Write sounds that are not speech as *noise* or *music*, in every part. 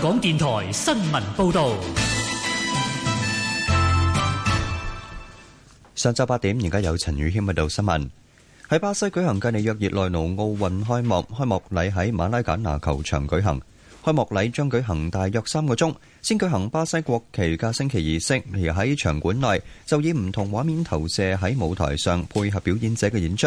香港電台新聞報道：上晝八點，而家有陳宇謙報道新聞。喺巴西舉行嘅里約熱內盧奧運開幕，開幕禮喺馬拉簡拿球場舉行。開幕禮將舉行大約三個鐘，先舉行巴西國旗嘅升旗儀式，而喺場館內就以唔同畫面投射喺舞台上，配合表演者嘅演出。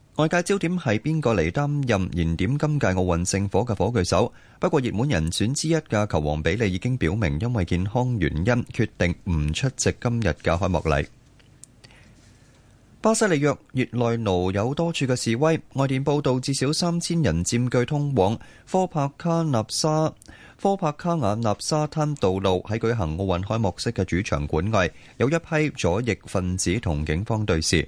外界焦點係邊個嚟擔任燃點今屆奧運聖火嘅火炬手？不過熱門人選之一嘅球王比利已經表明，因為健康原因決定唔出席今日嘅開幕禮。巴西里約熱內盧有多處嘅示威，外電報道至少三千人佔據通往科帕卡納沙科帕卡瓦納沙灘道路。喺舉行奧運開幕式嘅主場館外，有一批左翼分子同警方對峙。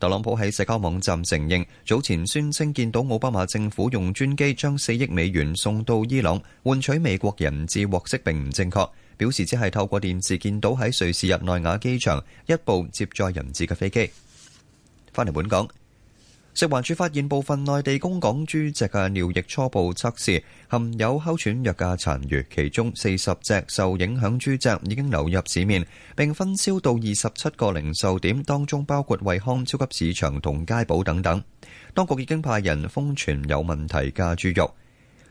特朗普喺社交網站承認，早前宣稱見到奧巴馬政府用專機將四億美元送到伊朗，換取美國人質獲釋並唔正確，表示只係透過電視見到喺瑞士日內瓦機場一部接載人質嘅飛機。翻嚟本港。食環署發現部分內地供港豬隻嘅尿液初步測試含有哮喘藥嘅殘餘，其中四十隻受影響豬隻已經流入市面，並分銷到二十七個零售點，當中包括惠康超級市場同佳寶等等。當局已經派人封存有問題嘅豬肉。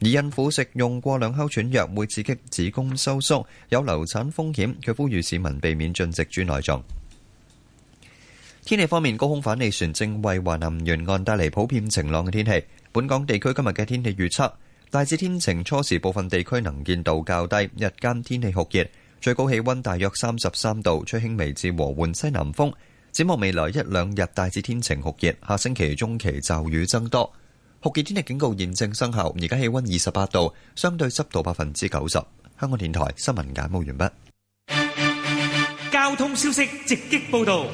而孕婦食用過量哮喘藥會刺激子宮收縮，有流產風險。佢呼籲市民避免進食豬內臟。天氣方面，高空反氣旋正為華南沿岸帶嚟普遍晴朗嘅天氣。本港地區今日嘅天氣預測：大致天晴，初時部分地區能見度較低，日間天氣酷熱，最高氣温大約三十三度，吹輕微至和緩西南風。展望未來一兩日，大致天晴酷熱，下星期中期驟雨增多。酷熱天氣警告現正生效，而家氣温二十八度，相對濕度百分之九十。香港電台新聞簡報完畢。交通消息直擊報道。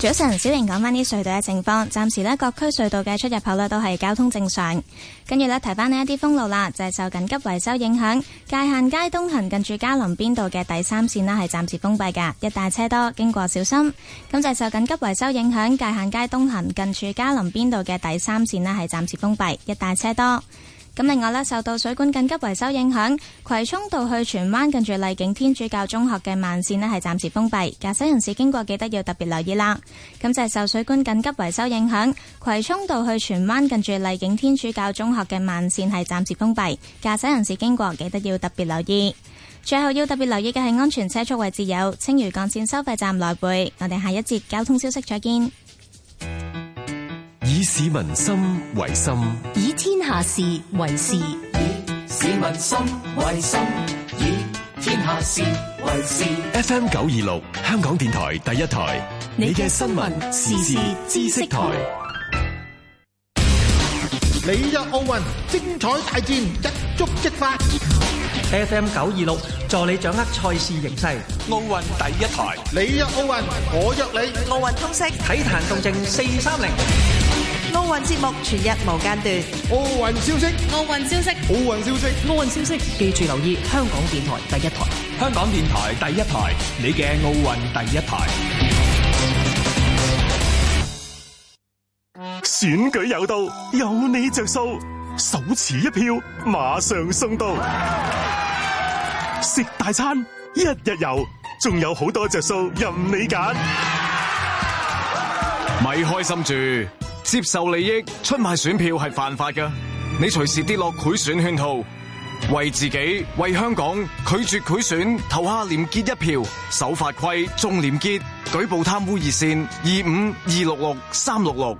早晨，小玲，講翻啲隧道嘅情況。暫時呢，各區隧道嘅出入口咧都係交通正常。跟住呢，提翻呢一啲封路啦，就係受緊急維修影響，界限街東行近住嘉林邊道嘅第三線呢係暫時封閉嘅，一帶車多，經過小心。咁就係受緊急維修影響，界限街東行近住嘉林邊道嘅第三線呢係暫時封閉，一帶車多。咁另外咧，受到水管緊急維修影響，葵涌道去荃灣近住麗景天主教中學嘅慢線咧係暫時封閉，駕駛人士經過記得要特別留意啦。咁就係受水管緊急維修影響，葵涌道去荃灣近住麗景天主教中學嘅慢線係暫時封閉，駕駛人士經過記得要特別留意。最後要特別留意嘅係安全車速位置，有青嶼幹線收費站來回。我哋下一節交通消息再見。 *music* 以市民心為心，以天下事為事。以市民心為心，以天下事為事。F M 九二六，香港電台第一台，你嘅新聞時事知識台。里約奧運精彩大戰一觸即發。F M 九二六， *noise* 26, 助你掌握賽事形勢。奧運第一台，里約奧運，我約你。奧運通識，體壇動靜四三零。奧運節目全日無間斷，奧運消息，奧運消息，奧運消息，奧運消息，記住留意香港電台第一台，香港電台第一台，你嘅奧運第一台。一台選舉有道，有你着數，手持一票，馬上送到。啊、食大餐，一日遊，仲有好多着數任你揀，咪、啊啊、開心住。接受利益，出賣選票係犯法噶。你隨時跌落賄選圈套，為自己，為香港拒絕賄選，投下廉潔一票，守法規，重廉潔，舉報貪污熱線二五二六六三六六。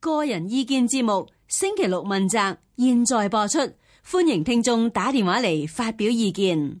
個人意見節目星期六問責，現在播出，歡迎聽眾打電話嚟發表意見。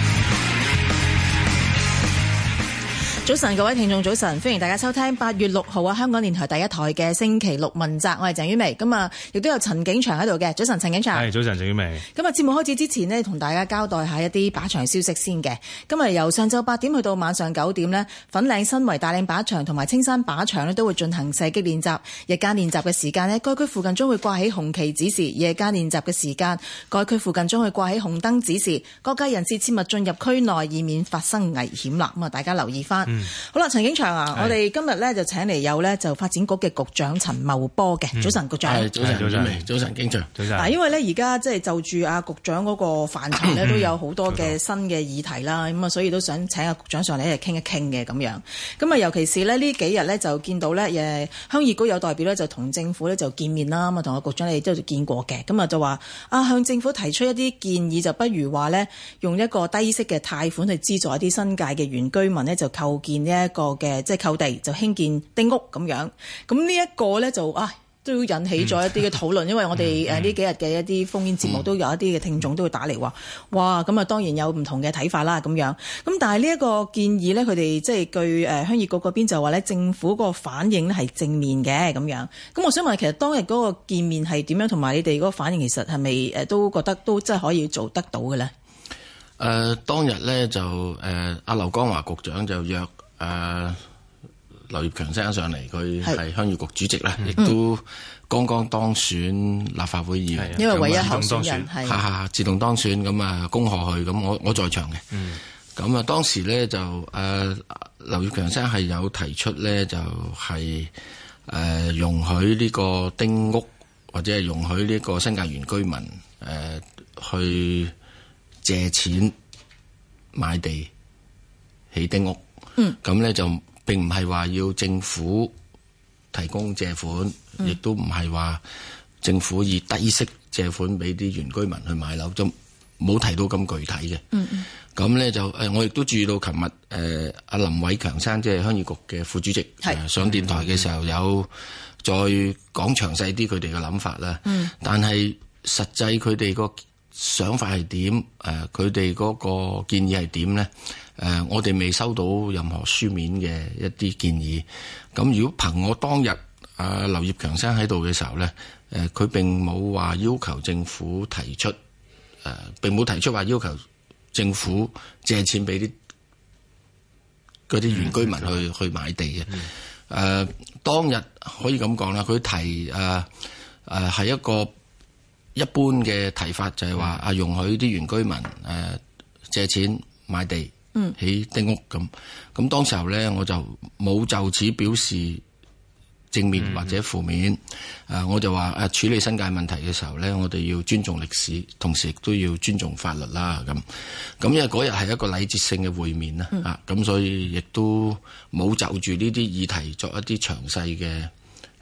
早晨，各位聽眾，早晨，歡迎大家收聽八月六號啊，香港電台第一台嘅星期六問責，我係鄭于薇，咁啊，亦都有陳景祥喺度嘅。早晨，陳景祥，係早晨，鄭于薇。咁啊，節目開始之前咧，同大家交代下一啲靶場消息先嘅。今日由上晝八點去到晚上九點咧，粉嶺新圍大嶺靶場同埋青山靶場咧都會進行射擊練習。日間練習嘅時間咧，該區附近將會掛起紅旗指示，夜間練習嘅時間，該區附近將會掛起紅燈指示。各界人士切勿進入區內，以免發生危險啦。咁啊，大家留意翻。嗯、好啦，陳景祥啊，的我哋今日咧就請嚟有咧就發展局嘅局長陳茂波嘅，嗯、早晨局長。早晨，早晨，早晨，警長上，早晨。嗱，因為咧而家即係就住啊局長嗰個範疇咧，都有好多嘅新嘅議題啦，咁啊， *coughs* 所以都想請阿局長上嚟一齊傾一傾嘅咁樣。咁啊，尤其是咧呢幾日咧就見到咧，誒鄉議局有代表咧就同政府咧就見面啦，咁啊同阿局長亦都見過嘅，咁啊就話啊向政府提出一啲建議，就不如話咧用一個低息嘅貸款去資助一啲新界嘅原居民咧就購建呢一個嘅即係購地就興建,建丁屋咁樣，咁、這個、呢一個咧就啊都引起咗一啲嘅討論，因為我哋誒呢幾日嘅一啲烽煙節目都有一啲嘅聽眾都會打嚟話，哇咁啊當然有唔同嘅睇法啦咁樣，咁但係呢一個建議咧，佢哋即係據誒鄉議局嗰邊就話咧，政府個反應咧係正面嘅咁樣。咁我想問，其實當日嗰個見面係點樣？同埋你哋嗰個反應，其實係咪誒都覺得都真係可以做得到嘅咧？誒、呃，當日咧就誒，阿劉江華局長就約誒劉、呃、業強先生上嚟，佢係鄉議局主席啦，亦的都剛剛當選立法會議員，因為唯一候選人係吓吓自動當選，咁啊恭賀佢，咁我我在場嘅。咁啊，當時咧就誒劉業強先生係有提出咧，就係、是、誒、呃、容許呢個丁屋或者係容許呢個新界原居民誒、呃、去借錢。買地起丁屋，咁咧、嗯、就並唔係話要政府提供借款，亦都唔係話政府以低息借款俾啲原居民去買樓，就冇提到咁具體嘅。咁咧、嗯嗯、就誒，我亦都注意到琴日誒阿林偉強生即係鄉議局嘅副主席、嗯、上電台嘅時候，嗯嗯、有再講詳細啲佢哋嘅諗法啦。嗯嗯、但係實際佢哋個想法係點？誒、呃，佢哋嗰個建議係點呢？誒、呃，我哋未收到任何書面嘅一啲建議。咁如果憑我當日阿、呃、劉業強生喺度嘅時候呢，誒、呃，佢並冇話要求政府提出，誒、呃，並冇提出話要求政府借錢俾啲嗰啲原居民去去買地嘅。誒、呃，當日可以咁講啦，佢提誒誒係一個。一般嘅提法就係話啊，容許啲原居民誒借錢買地起丁屋咁。咁、嗯、當時候咧，我就冇就此表示正面或者負面。誒、嗯，我就話誒處理新界問題嘅時候咧，我哋要尊重歷史，同時亦都要尊重法律啦。咁咁因為嗰日係一個禮節性嘅會面啊，咁、嗯、所以亦都冇就住呢啲議題作一啲詳細嘅。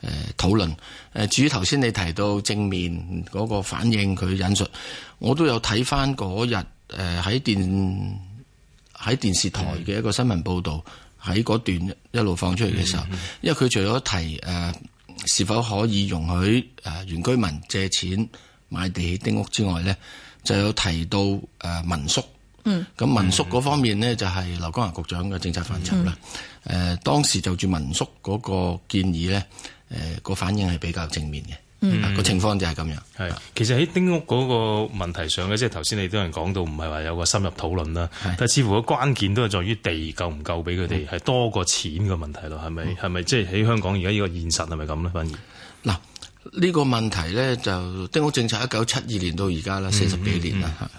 誒討論誒，至於頭先你提到正面嗰個反應，佢引述我都有睇翻嗰日誒喺電喺電視台嘅一個新聞報導，喺嗰段一路放出嚟嘅時候，因為佢除咗提誒是否可以容許誒原居民借錢買地起丁屋之外呢，就有提到誒民宿，咁民宿嗰方面呢，就係劉江華局長嘅政策範疇啦。誒當時就住民宿嗰個建議呢。誒個、呃、反應係比較正面嘅，個、嗯啊、情況就係咁樣。係其實喺丁屋嗰個問題上咧，即係頭先你都有講到，唔係話有個深入討論啦。是但係似乎個關鍵都係在於地夠唔夠俾佢哋，係、嗯、多過錢嘅問題咯，係咪？係咪、嗯、即係喺香港而家呢個現實係咪咁咧？反而嗱呢個問題咧，就丁屋政策一九七二年到而家啦，四十幾年啦，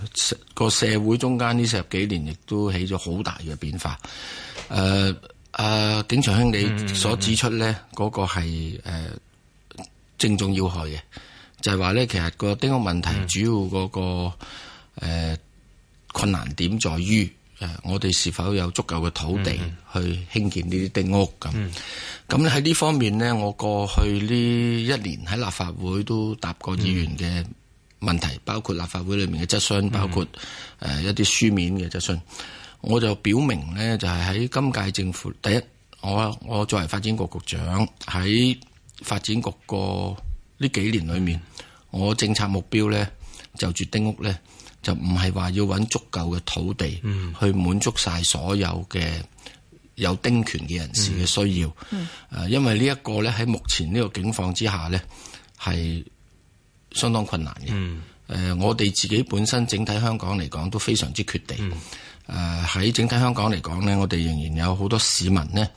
個社會中間呢四十幾年亦都起咗好大嘅變化。誒、嗯。嗯嗯嗯嗯。誒，uh, 警長兄，你所指出呢嗰個係誒、呃、正中要害嘅，就係、是、話呢。其實個丁屋問題主要嗰、那個誒、呃、困難點在於誒，我哋是否有足夠嘅土地去興建呢啲丁屋咁？咁喺呢方面呢，我過去呢一年喺立法會都答過議員嘅問題，嗯、包括立法會裏面嘅質詢，嗯、包括誒、呃、一啲書面嘅質詢。我就表明呢，就係喺今屆政府第一，我我作為發展局局長喺發展局個呢幾年裏面，我政策目標呢，就住丁屋呢，就唔係話要揾足夠嘅土地去滿足晒所有嘅有丁權嘅人士嘅需要。誒、嗯，嗯、因為呢一個呢，喺目前呢個境況之下呢，係相當困難嘅。誒、嗯呃，我哋自己本身整體香港嚟講都非常之缺地。嗯嗯誒喺整體香港嚟講呢，我哋仍然有好多市民呢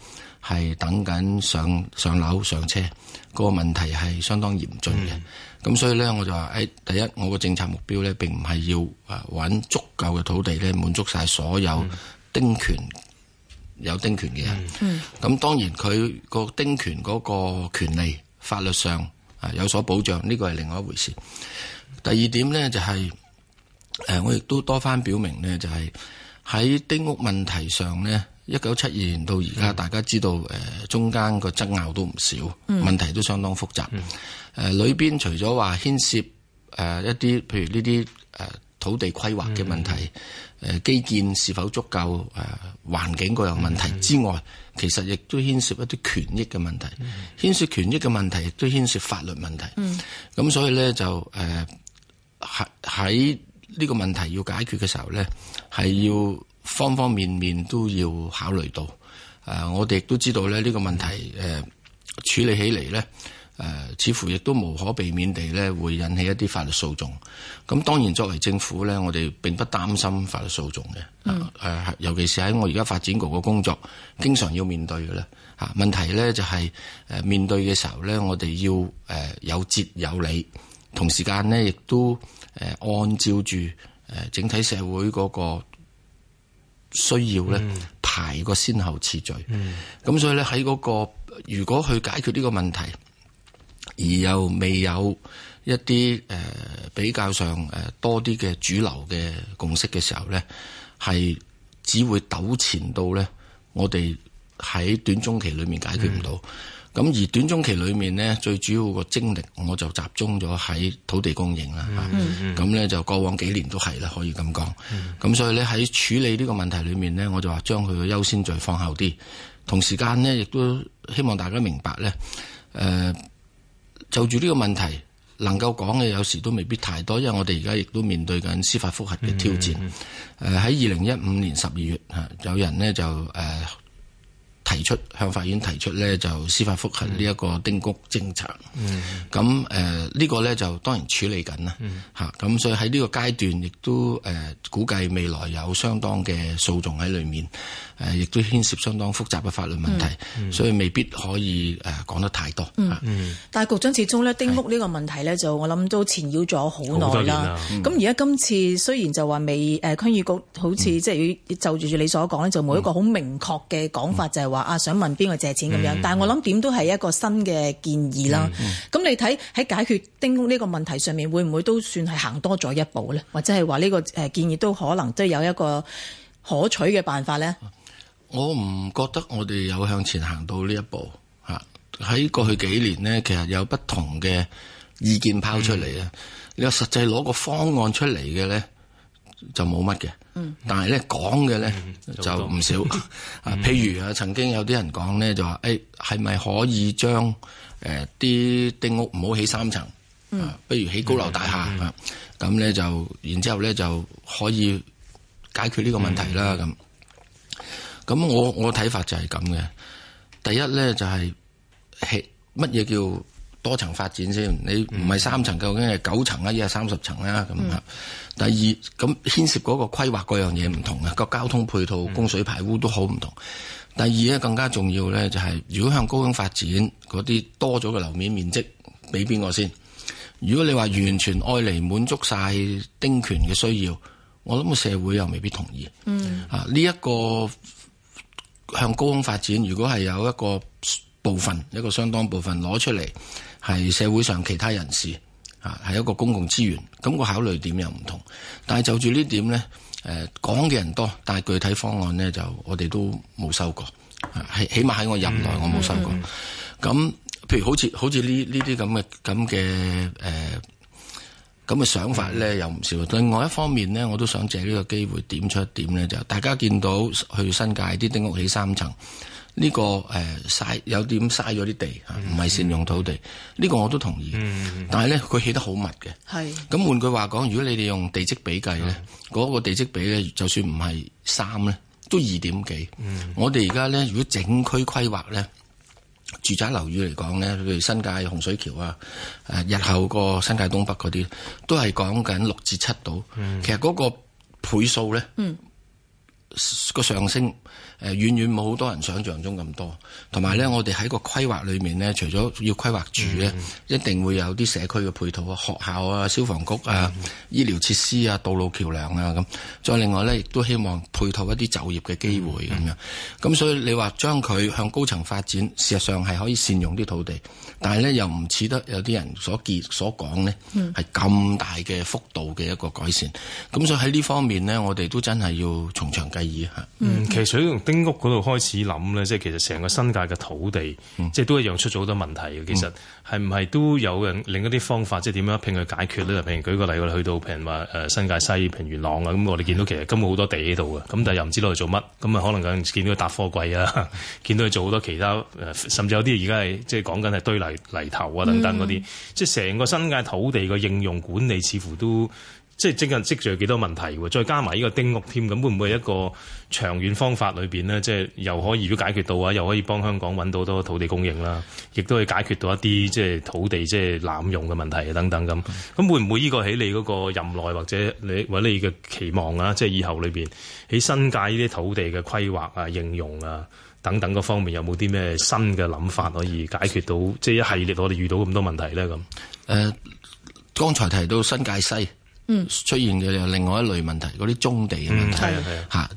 係等緊上上樓上車，這個問題係相當嚴峻嘅。咁、嗯、所以呢，我就話誒，第一，我個政策目標呢並唔係要誒揾足夠嘅土地呢滿足晒所有丁權、嗯、有丁權嘅人。咁、嗯嗯、當然佢個丁權嗰個權利法律上啊有所保障，呢個係另外一回事。第二點呢，就係、是、誒，我亦都多番表明呢、就是，就係。喺丁屋問題上呢，一九七二年到而家，大家知道誒中間個爭拗都唔少，問題都相當複雜。誒裏邊除咗話牽涉誒一啲譬如呢啲誒土地規劃嘅問題、誒基建是否足夠、誒環境各有問題之外，其實亦都牽涉一啲權益嘅問題，牽涉權益嘅問題亦都牽涉法律問題。咁所以呢，就誒喺喺。呢個問題要解決嘅時候咧，係要方方面面都要考慮到。誒、呃，我哋都知道咧，呢個問題誒、呃、處理起嚟咧，誒、呃、似乎亦都無可避免地咧會引起一啲法律訴訟。咁當然作為政府咧，我哋並不擔心法律訴訟嘅。誒、呃，尤其是喺我而家發展局嘅工作，經常要面對嘅咧。嚇、啊，問題咧就係、是、誒、呃、面對嘅時候咧，我哋要誒、呃、有節有理，同時間咧亦都。誒、按照住誒整體社會嗰個需要咧，排個、嗯、先後次序。咁、嗯、所以咧、嗰個，喺嗰個如果去解決呢個問題，而又未有一啲誒、呃、比較上誒多啲嘅主流嘅共識嘅時候咧，係只會糾纏到咧，我哋喺短中期裏面解決唔到。嗯咁而短中期裏面呢，最主要個精力我就集中咗喺土地供應啦，咁呢就過往幾年都係啦，可以咁講。咁、mm hmm. 啊、所以呢，喺處理呢個問題裏面呢，我就話將佢嘅優先序放後啲，同時間呢，亦都希望大家明白呢，誒、呃、就住呢個問題能夠講嘅有時都未必太多，因為我哋而家亦都面對緊司法複核嘅挑戰。誒喺二零一五年十二月吓、啊，有人呢就誒。呃提出向法院提出咧，就司法覆核呢一個丁屋政策，咁誒呢個咧就當然處理緊啦吓，咁、嗯啊、所以喺呢個階段亦都誒、呃、估計未來有相當嘅訴訟喺裏面。誒，亦都牽涉相當複雜嘅法律問題，嗯、所以未必可以誒講、呃、得太多、嗯嗯、但係局長始終咧，丁屋呢個問題呢，就我諗都纏繞咗好耐啦。咁而家今次雖然就話未誒，區、呃、議局好似、嗯、即係就住住你所講咧，就冇一個好明確嘅講法就，就係話啊想問邊個借錢咁樣。嗯、但係我諗點都係一個新嘅建議啦。咁、嗯嗯、你睇喺解決丁屋呢個問題上面，會唔會都算係行多咗一步呢？或者係話呢個誒建議都可能即都有一個可取嘅辦法呢？我唔覺得我哋有向前行到呢一步吓。喺過去幾年呢，其實有不同嘅意見拋出嚟啊。你有、嗯、實際攞個方案出嚟嘅咧，就冇乜嘅。嗯、但係咧講嘅咧就唔少啊。譬 *laughs* 如啊，曾經有啲人講咧、嗯、就話，誒係咪可以將誒啲丁屋唔好起三層、嗯、啊？不如起高樓大廈啊？咁咧、嗯嗯嗯、就，然之後咧就可以解決呢個問題啦。咁、嗯。咁我我睇法就係咁嘅，第一咧就係係，乜嘢叫多層發展先？你唔係三層，究竟係九層啊，一係三十層啊咁啊？第二咁牽涉嗰個規劃嗰樣嘢唔同嘅，個交通配套、供水排污都好唔同。第二咧更加重要咧就係係，如果向高空發展，嗰啲多咗嘅樓面面積俾邊個先？如果你話完全愛嚟滿足晒丁權嘅需要，我諗個社會又未必同意。嗯啊，啊呢一個。向高空發展，如果係有一個部分，一個相當部分攞出嚟，係社會上其他人士啊，係一個公共資源，咁、個考慮點又唔同。但係就住呢點呢，誒講嘅人多，但係具體方案呢，就我哋都冇收過，起碼喺我任內我冇收過。咁、嗯、譬如好似好似呢呢啲咁嘅咁嘅誒。這咁嘅想法咧，有唔少，嗯、另外一方面咧，嗯、我都想借呢個機會點出一點咧，就大家見到去新界啲丁屋起三層，呢、呢個誒嘥、呃、有啲嘥咗啲地，唔係善用土地，呢、嗯、個我都同意。嗯、但係咧，佢起得好密嘅。係是。咁換句話講，如果你哋用地積比計咧，嗰是個地積比咧，就算唔係三咧，都二點幾。我哋而家咧，如果整區規劃咧。住宅樓宇嚟講咧，譬如新界洪水橋啊，誒，日後個新界東北嗰啲都係講緊六至七度，嗯、其實嗰個倍數咧。嗯。個上升誒，遠遠冇好多人想像中咁多。同埋呢，我哋喺個規劃裏面呢，除咗要規劃住呢，一定會有啲社區嘅配套啊、學校啊、消防局啊、醫療設施啊、道路橋梁啊咁。再另外呢，亦都希望配套一啲就業嘅機會咁樣。咁所以你話將佢向高層發展，事實上係可以善用啲土地，但係呢，又唔似得有啲人所見所講呢，係咁大嘅幅度嘅一個改善。咁所以喺呢方面呢，我哋都真係要從長計。嗯，其實如果從丁屋嗰度開始諗咧，即係其實成個新界嘅土地，嗯、即係都一樣出咗好多問題嘅。其實係唔係都有另一啲方法，即係點樣拼佢解決咧？譬如舉個例，我哋去到譬如話誒、呃、新界西譬如元朗啊，咁我哋見到其實根本好多地喺度嘅，咁但係又唔知攞嚟做乜，咁啊可能見到佢搭貨櫃啊，見到佢做好多其他、呃、甚至有啲而家係即係講緊係堆泥泥頭啊等等嗰啲、嗯，即係成個新界土地嘅應用管理似乎都。即係積近積住幾多問題喎、啊？再加埋呢個丁屋添，咁會唔會一個長遠方法裏邊呢？即係又可以解決到啊，又可以幫香港揾到多土地供應啦，亦都可以解決到一啲即係土地即係濫用嘅問題等等咁。咁、嗯、會唔會呢個喺你嗰個任內或者你或者你嘅期望啊？即係以後裏邊喺新界呢啲土地嘅規劃啊、應用啊等等嗰方面，有冇啲咩新嘅諗法可以解決到？即係一系列我哋遇到咁多問題咧咁。誒、呃，剛才提到新界西。出現嘅另外一類問題，嗰啲棕地嘅問題嚇，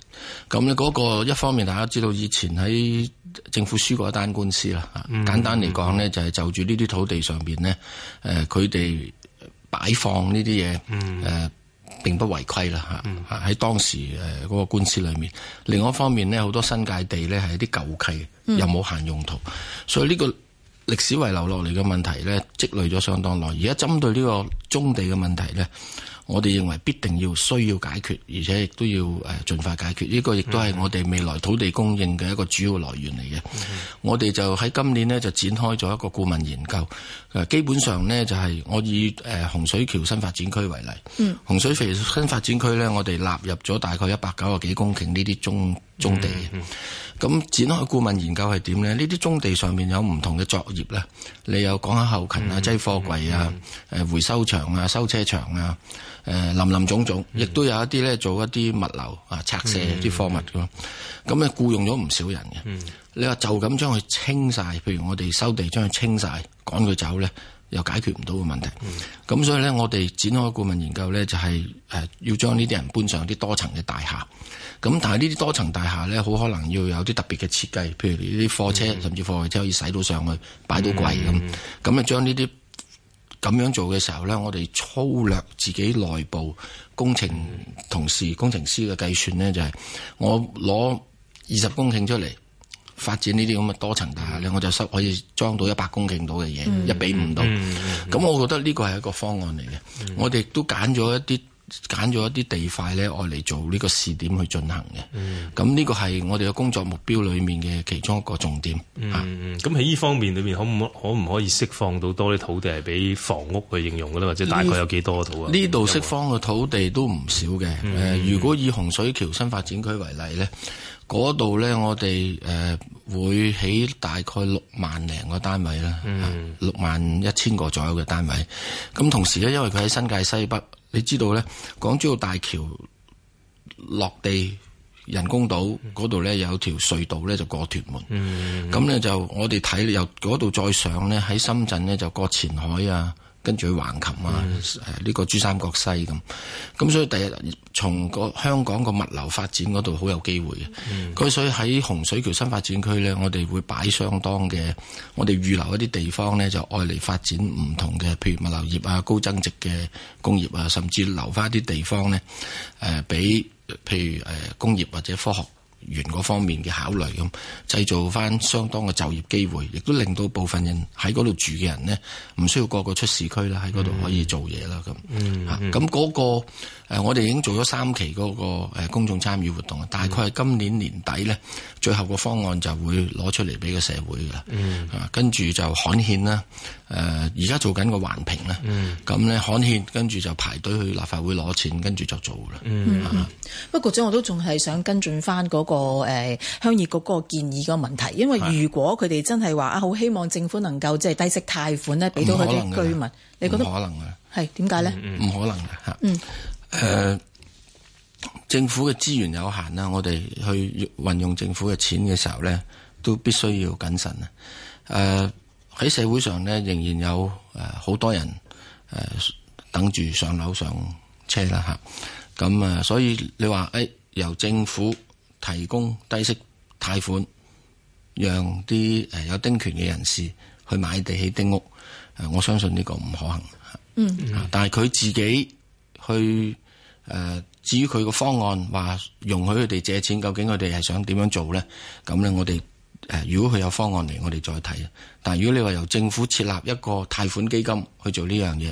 咁呢嗰個一方面大家知道以前喺政府輸過一單官司啦嚇，嗯、簡單嚟講呢，就係、是、就住呢啲土地上邊呢，誒佢哋擺放呢啲嘢誒，並不違規啦嚇，喺、呃、當時誒嗰個官司裏面。另外一方面呢，好多新界地咧係一啲舊契，又冇限用途，所以呢個歷史遺留落嚟嘅問題呢，積累咗相當耐。而家針對呢個棕地嘅問題呢。我哋認為必定要需要解決，而且亦都要誒、呃、盡快解決。呢、這個亦都係我哋未來土地供應嘅一個主要來源嚟嘅。嗯、我哋就喺今年呢，就展開咗一個顧問研究，誒、呃、基本上呢，就係、是、我以誒、呃、洪水橋新發展區為例，嗯、洪水橋新發展區呢，我哋納入咗大概一百九啊幾公頃呢啲棕、棕地、嗯嗯嗯咁展開顧問研究係點咧？呢啲棕地上面有唔同嘅作業咧，你又講下後勤、嗯嗯、啊、擠貨櫃啊、誒回收場啊、收車場啊、誒林林種種，亦都、嗯、有一啲咧做一啲物流啊拆卸啲、嗯、貨物嘅。咁咧僱用咗唔少人嘅。嗯、你話就咁將佢清晒，譬如我哋收地將佢清晒，趕佢走咧，又解決唔到嘅問題。咁、嗯、所以咧，我哋展開顧問研究咧，就係、是、誒要將呢啲人搬上啲多層嘅大廈。咁但係呢啲多層大廈咧，好可能要有啲特別嘅設計，譬如呢啲貨車、mm hmm. 甚至貨櫃車可以駛到上去擺到櫃咁。咁啊將呢啲咁樣做嘅時候咧，我哋粗略自己內部工程同事、mm hmm. 工程師嘅計算咧、就是，就係我攞二十公頃出嚟發展呢啲咁嘅多層大廈咧，mm hmm. 我就收可以裝到一百公頃到嘅嘢，一比五到。咁、hmm. mm hmm. 我覺得呢個係一個方案嚟嘅。我哋都揀咗一啲。揀咗一啲地塊咧，愛嚟做呢個試點去進行嘅。咁呢個係我哋嘅工作目標裏面嘅其中一個重點。咁喺呢方面裏面，可唔可可唔可以釋放到多啲土地係俾房屋去應用嘅咧？或者大概有幾多土啊？呢度釋放嘅土地都唔少嘅。誒、嗯，如果以洪水橋新發展區為例咧。嗰度呢，我哋誒、呃、會起大概六萬零個單位啦、嗯啊，六萬一千個左右嘅單位。咁同時呢，因為佢喺新界西北，你知道呢，港珠澳大橋落地人工島嗰度呢，嗯、有條隧道呢就過屯門。咁、嗯嗯、呢，就我哋睇由嗰度再上呢，喺深圳呢，就過前海啊。跟住去橫琴、嗯、啊！誒，呢個珠三角西咁，咁、啊、所以第日從個香港個物流發展嗰度好有機會嘅。佢、嗯、所以喺洪水橋新發展區咧，我哋會擺相當嘅，我哋預留一啲地方咧，就愛嚟發展唔同嘅，譬如物流業啊、高增值嘅工業啊，甚至留返一啲地方咧，誒、啊、俾譬如誒、啊、工業或者科學。源嗰方面嘅考慮咁，製造翻相當嘅就業機會，亦都令到部分人喺嗰度住嘅人呢，唔需要個個出市區啦，喺嗰度可以做嘢啦咁。嗯、mm，嚇、hmm. 那個，咁嗰個我哋已經做咗三期嗰、那個、呃、公眾參與活動，大概係今年年底呢，最後個方案就會攞出嚟俾個社會噶啦。嗯、mm，hmm. 啊，跟住就刊憲啦。誒而家做緊個環評啦，咁、mm. 呢罕欠，跟住就排隊去立法會攞錢，跟住就做啦。嗯、mm，hmm. 啊、不過局長我都仲係想跟進翻、那、嗰個誒、呃、鄉議局個建議個問題，因為如果佢哋真係話啊，好希望政府能夠即係低息貸款咧，俾到佢啲居民，你覺得？唔可能啊！係點解呢？唔可能嘅嚇。誒，政府嘅資源有限啦，我哋去運用政府嘅錢嘅時候呢，都必須要謹慎，慎啊。誒。喺社會上咧，仍然有誒好、呃、多人誒、呃、等住上樓上車啦嚇，咁啊，所以你話誒、哎、由政府提供低息貸款，讓啲誒、呃、有丁權嘅人士去買地起丁屋，誒、啊、我相信呢個唔可行。嗯、啊，但係佢自己去誒、啊，至於佢個方案話容許佢哋借錢，究竟佢哋係想點樣做咧？咁咧，我哋。誒，如果佢有方案嚟，我哋再睇。但係如果你話由政府設立一個貸款基金去做呢樣嘢，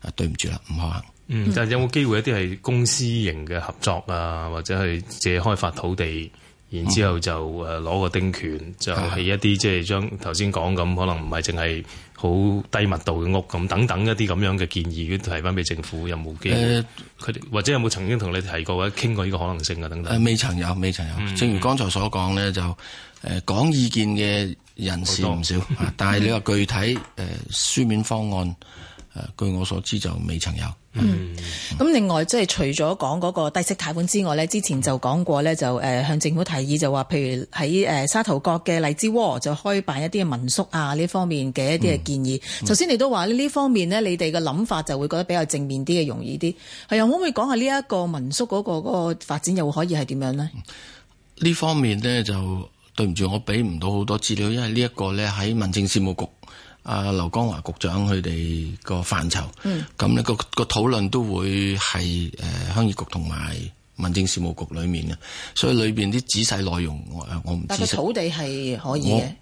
啊，對唔住啦，唔可行。嗯，但係有冇機會一啲係公司型嘅合作啊，或者係借開發土地？然之後就誒攞個丁權，就係、是、一啲即係將頭先講咁，可能唔係淨係好低密度嘅屋咁，等等一啲咁樣嘅建議，要提翻俾政府有冇機會？誒佢、呃、或者有冇曾經同你提過或者傾過呢個可能性啊？等等未、呃、曾有，未曾有。嗯、正如剛才所講呢，就誒講、呃、意見嘅人士唔少，很多 *laughs* 但係你話具體誒、呃、書面方案誒、呃，據我所知就未曾有。嗯，咁另外即係除咗講嗰個低息貸款之外咧，之前就講過咧，就誒向政府提議就話，譬如喺誒沙頭角嘅荔枝窩就開辦一啲民宿啊，呢方面嘅一啲嘅建議。頭先，嗯，你都話咧，呢方面咧，你哋嘅諗法就會覺得比較正面啲嘅，容易啲。係啊，可唔可以講下呢一個民宿嗰個嗰個發展又可以係點樣咧？呢方面咧，就對唔住，我俾唔到好多資料，因為呢一個咧喺民政事務局。啊，劉光華局長佢哋個範疇，嗯，咁呢、那個個討論都會係誒鄉議局同埋民政事務局裏面嘅，所以裏邊啲仔細內容我，我誒我唔知。土地係可以嘅。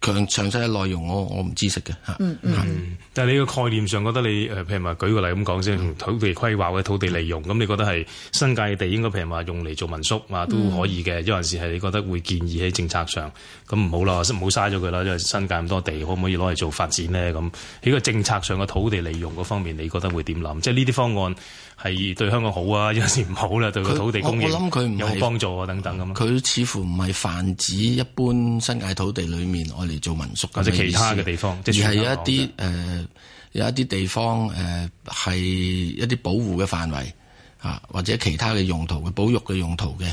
詳詳細嘅內容我，我我唔知識嘅嚇。嗯的嗯。但係你個概念上覺得你誒譬、呃、如話舉個例咁講先，土地規劃嘅土地利用，咁、嗯、你覺得係新界地應該譬如話用嚟做民宿啊都可以嘅。有陣時係你覺得會建議喺政策上，咁唔好啦，唔好嘥咗佢啦，因為新界咁多地，可唔可以攞嚟做發展咧？咁喺個政策上嘅土地利用嗰方面，你覺得會點諗？即係呢啲方案。係對香港好啊，有時唔好啦，對個土地供應我諗佢有，有幫助啊，等等咁咯。佢似乎唔係泛指一般新界土地裏面，我嚟做民宿或者其他嘅地方，而係一啲誒、呃呃、有一啲地方誒係、呃、一啲保護嘅範圍。啊，或者其他嘅用途嘅保育嘅用途嘅，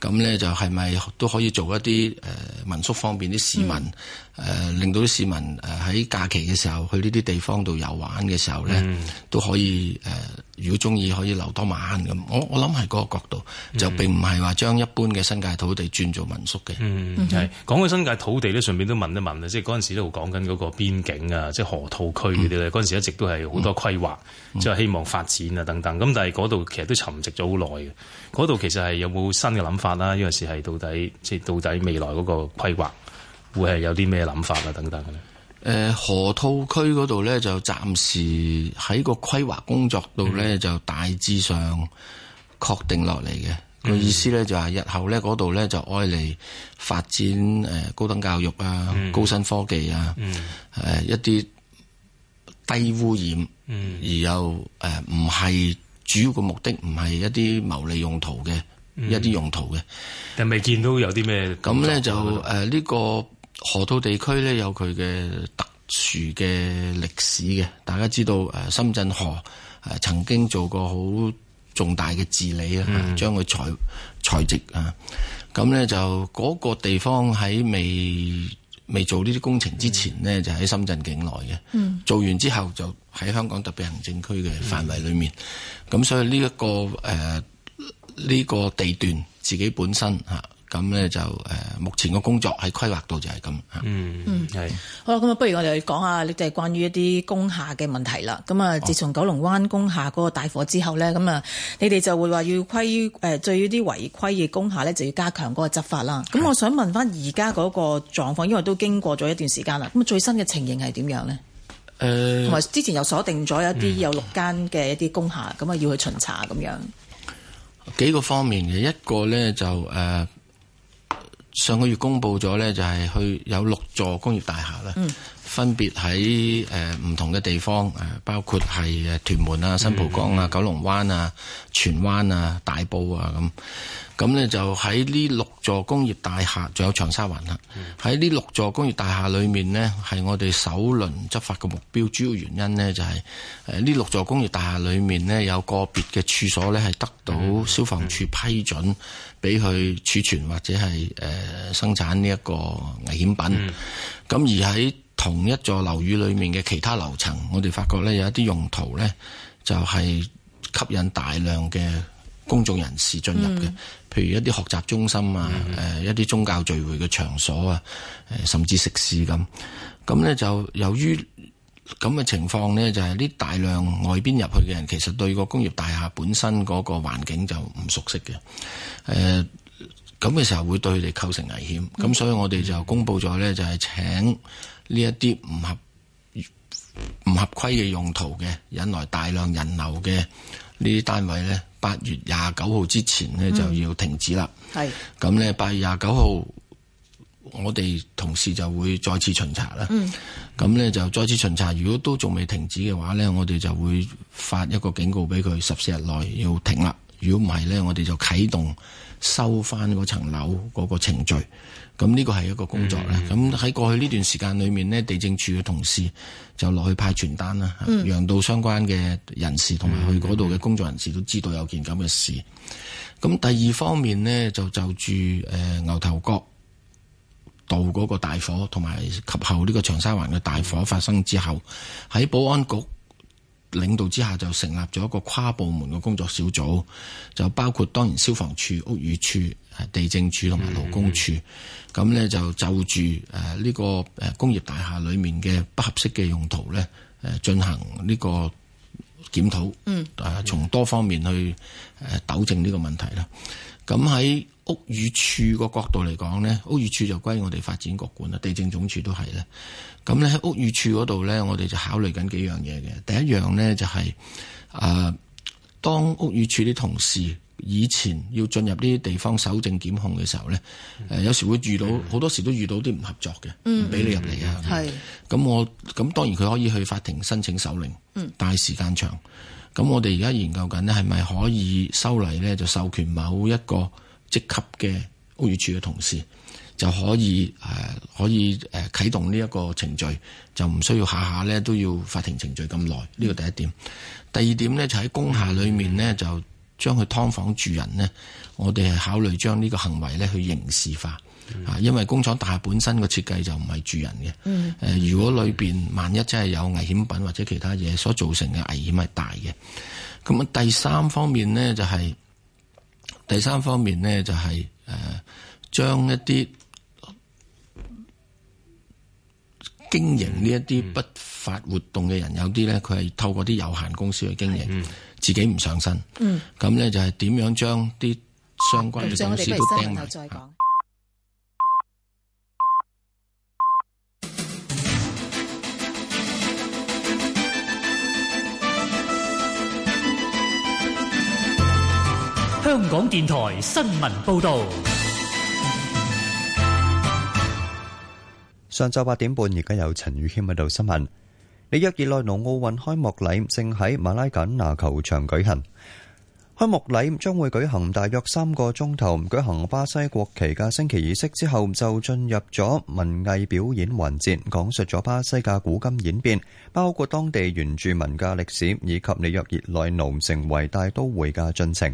咁咧就係咪都可以做一啲誒民宿方面啲市民，誒令到啲市民誒喺假期嘅時候去呢啲地方度遊玩嘅時候咧，都可以誒如果中意可以留多晚咁。我我諗係嗰個角度，就並唔係話將一般嘅新界土地轉做民宿嘅，就係講起，新界土地咧，順便都問一問啦，即係陣時都講緊個邊境啊，即係河套區啲咧，陣時一直都係好多規劃即係希望發展啊等等。咁但係度都沉寂咗好耐嘅，嗰度其實係有冇新嘅諗法啦？呢個事係到底即係到底未來嗰個規劃會係有啲咩諗法啊？等等嘅咧。誒、呃，河套區嗰度咧就暫時喺個規劃工作度咧就大致上確定落嚟嘅個意思咧就係日後咧嗰度咧就愛嚟發展誒高等教育啊、嗯、高新科技啊、誒、嗯嗯呃、一啲低污染，嗯、而又誒唔係。主要嘅目的唔係一啲牟利用途嘅、嗯、一啲用途嘅，但未見到有啲咩咁咧就誒呢、嗯呃呢個河套地區咧有佢嘅特殊嘅歷史嘅，大家知道誒、呃、深圳河誒、呃、曾經做過好重大嘅治理、嗯、啊，將佢裁裁植啊，咁咧就嗰、那個地方喺未未做呢啲工程之前咧，就喺深圳境內嘅。嗯，做完之後就喺香港特別行政區嘅範圍裏面。咁、嗯、所以呢、這、一個誒呢、呃呢個地段自己本身吓。咁呢就誒，目前嘅工作喺規劃度就係咁嗯嗯，係好啦。咁啊，不如我哋講下你哋關於一啲工廈嘅問題啦。咁啊，自從九龍灣工廈嗰個大火之後呢，咁啊，你哋就會話要規誒，對於啲違規嘅工廈呢，就要加強嗰個執法啦。咁我想問翻而家嗰個狀況，因為都經過咗一段時間啦。咁最新嘅情形係點樣呢？誒、呃，同埋之前又鎖定咗一啲有六間嘅一啲工廈，咁啊要去巡查咁樣幾個方面嘅一個呢就誒。呃上個月公布咗咧，就係去有六座工業大廈啦。嗯分別喺誒唔同嘅地方，誒、呃、包括係誒屯門啊、新蒲崗啊、嗯、哼九龍灣啊、荃灣啊、大埔啊咁。咁咧就喺呢六座工業大廈，仲有長沙灣啦。喺呢、嗯、哼六座工業大廈裏面呢，係我哋首輪執法嘅目標。主要原因呢、就係，就係誒呢六座工業大廈裏面呢，有個別嘅處所呢係得到消防處批准，俾佢儲存或者係誒、呃、生產呢一個危險品。咁而喺同一座樓宇裏面嘅其他樓層，我哋發覺呢有一啲用途呢，就係、是、吸引大量嘅公眾人士進入嘅，嗯、譬如一啲學習中心啊，誒、嗯呃、一啲宗教聚會嘅場所啊，呃、甚至食肆咁。咁呢，就由於咁嘅情況呢，就係、是、呢大量外邊入去嘅人，其實對個工業大廈本身嗰個環境就唔熟悉嘅。誒、呃，咁嘅時候會對佢哋構成危險。咁、嗯、所以我哋就公佈咗呢，就係、是、請。呢一啲唔合唔合規嘅用途嘅，引來大量人流嘅呢啲單位呢，八月廿九號之前呢就要停止啦。係咁、嗯、呢，八月廿九號我哋同事就會再次巡查啦。咁、嗯、呢，就再次巡查，如果都仲未停止嘅話呢，我哋就會發一個警告俾佢，十四日內要停啦。如果唔係呢，我哋就啟動收返嗰層樓嗰個程序。咁呢個係一個工作啦。咁喺、mm hmm. 過去呢段時間裏面呢，地政處嘅同事就落去派傳單啦，mm hmm. 讓到相關嘅人士同埋去嗰度嘅工作人士都知道有件咁嘅事。咁、mm hmm. 第二方面呢，就就住誒、呃、牛頭角道嗰個大火，同埋及，及後呢個長沙灣嘅大火發生之後，喺保安局領導之下就成立咗一個跨部門嘅工作小組，就包括當然消防處、屋宇處。地政署同埋勞工處，咁咧、mm hmm. 就就住誒呢個誒工業大廈裡面嘅不合適嘅用途咧，誒進行呢個檢討，誒、mm hmm. 從多方面去誒糾正呢個問題啦。咁喺屋宇署個角度嚟講咧，屋宇署就歸我哋發展局管啦，地政總署都係咧。咁咧喺屋宇署嗰度咧，我哋就考慮緊幾樣嘢嘅。第一樣咧就係、是、誒、呃，當屋宇署啲同事。以前要進入呢啲地方搜證檢控嘅時候呢，誒、呃、有時會遇到好多時都遇到啲唔合作嘅，唔俾你入嚟啊。係、嗯，咁、嗯、我咁當然佢可以去法庭申請手令，但係時間長。咁我哋而家研究緊呢，係咪可以修例呢？就授權某一個職級嘅屋宇署嘅同事就可以誒、呃、可以誒、呃、啟動呢一個程序，就唔需要下下呢都要法庭程序咁耐。呢、這個第一點，第二點呢，就喺工廈裏面呢，就。將佢㓥房住人呢，我哋係考慮將呢個行為呢去刑事化，啊，因為工廠大廈本身個設計就唔係住人嘅。誒、呃，如果裏邊萬一真係有危險品或者其他嘢所造成嘅危險係大嘅。咁啊、就係，第三方面呢，就係第三方面呢就係誒將一啲經營呢一啲不法活動嘅人，有啲呢，佢係透過啲有限公司去經營。自己唔上身，咁咧就係點樣將啲相關嘅同事都盯埋。香港電台新聞報道，上晝八點半，而家由陳宇謙喺度新聞。里約熱內盧奧運開幕禮正喺馬拉簡拿球場舉行，開幕禮將會舉行大約三個鐘頭。舉行巴西國旗嘅升旗儀式之後，就進入咗文藝表演環節，講述咗巴西嘅古今演變，包括當地原住民嘅歷史以及里約熱內盧成為大都會嘅進程。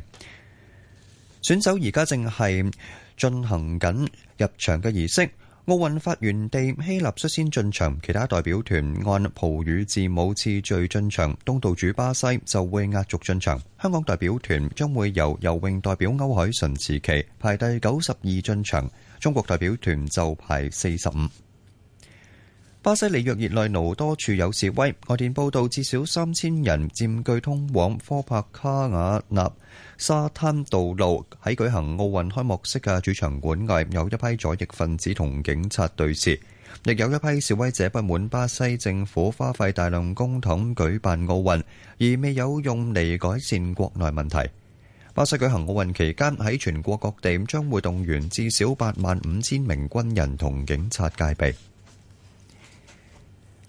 選手而家正係進行緊入場嘅儀式。奧運發源地希臘率先進場，其他代表團按葡語字母次序進場。東道主巴西就會壓軸進場。香港代表團將會由游泳代表歐鎧淳持旗排第九十二進場，中國代表團就排四十五。巴西里約熱內盧多處有示威，外電報道至少三千人佔據通往科帕卡瓦納沙灘道路，喺舉行奧運開幕式嘅主場館外有一批左翼分子同警察對峙，亦有一批示威者不滿巴西政府花費大量公帑舉辦奧運而未有用嚟改善國內問題。巴西舉行奧運期間喺全國各地將會動員至少八萬五千名軍人同警察戒備。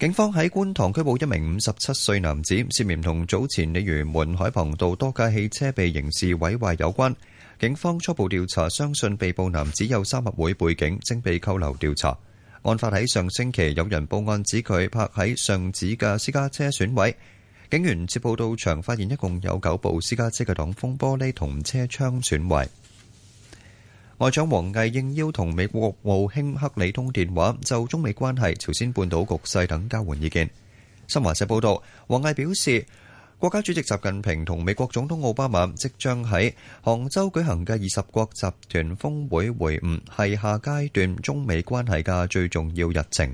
警方喺觀塘拘捕一名五十七歲男子，涉嫌同早前鯉魚門海旁道多架汽車被刑事毀壞有關。警方初步調查，相信被捕男子有三合會背景，正被扣留調查。案發喺上星期，有人報案指佢泊喺上址嘅私家車損毀。警員接報到場，發現一共有九部私家車嘅擋風玻璃同車窗損毀。外長王毅應邀同美國務卿克里通電話，就中美關係、朝鮮半島局勢等交換意見。新華社報道，王毅表示，國家主席習近平同美國總統奧巴馬即將喺杭州舉行嘅二十國集團峰會會晤，係下階段中美關係嘅最重要日程。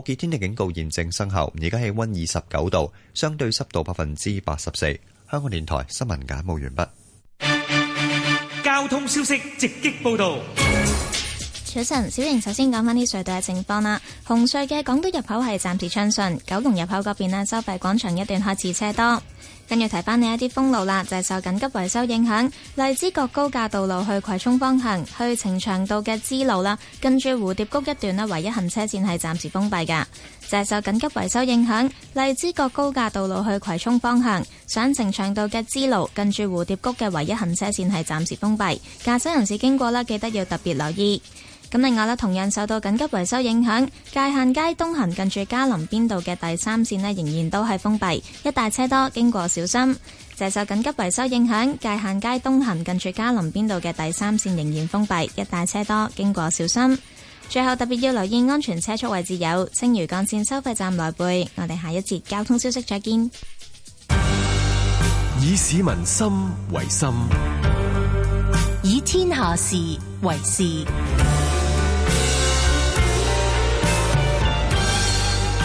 酷熱天氣警告現正生效，而家氣溫二十九度，相對濕度百分之八十四。香港電台新聞簡報完畢。交通消息直擊報道。小陳，小瑩首先講翻啲隧道嘅情況啦。紅隧嘅港島入口係暫時暢順，九龍入口嗰邊咧收費廣場一段開始車多。跟住提翻你一啲封路啦，就係、是、受緊急維修影響，荔枝角高架道路去葵涌方向去呈祥道嘅支路啦，跟住蝴蝶谷一段呢唯一行車線係暫時封閉嘅。就係、是、受緊急維修影響，荔枝角高架道路去葵涌方向，上呈祥道嘅支路跟住蝴蝶谷嘅唯一行車線係暫時封閉，駕駛人士經過啦，記得要特別留意。咁另外咧，同樣受到緊急維修影響，界限街東行近住嘉林邊度嘅第三線咧，仍然都係封閉，一帶車多，經過小心。就受緊急維修影響，界限街東行近住嘉林邊度嘅第三線仍然封閉，一帶車多，經過小心。最後特別要留意安全車速位置有青嶼幹線收費站來背。我哋下一節交通消息再見。以市民心為心，以天下事為事。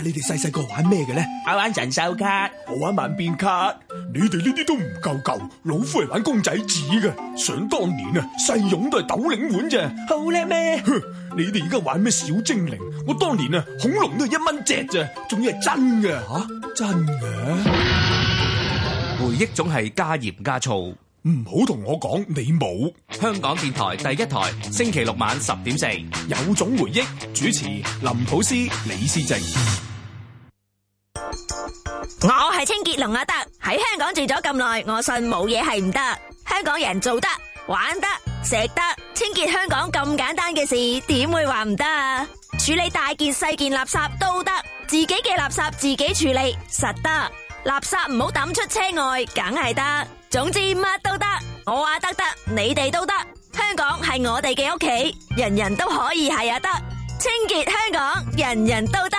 你哋細細個玩咩嘅咧？我玩神獸卡，我玩萬變卡。你哋呢啲都唔夠舊，老夫係玩公仔紙嘅。想當年啊，細勇都係鬥領碗啫，好叻咩？哼！ *laughs* 你哋而家玩咩小精靈？我當年啊，恐龍都係一蚊隻啫，仲要係真嘅吓，真嘅。回憶總係加鹽加醋。唔好同我講你冇香港電台第一台星期六晚十點四，有種回憶主持林普思李思正，我係清潔龍阿德喺香港住咗咁耐，我信冇嘢係唔得，香港人做得玩得食得清潔香港咁簡單嘅事，點會話唔得啊？處理大件細件垃圾都得，自己嘅垃圾自己處理，實得。垃圾唔好抌出車外，梗係得。總之乜都得，我話、啊、得得，你哋都得。香港係我哋嘅屋企，人人都可以係呀、啊、得，清潔香港，人人都得。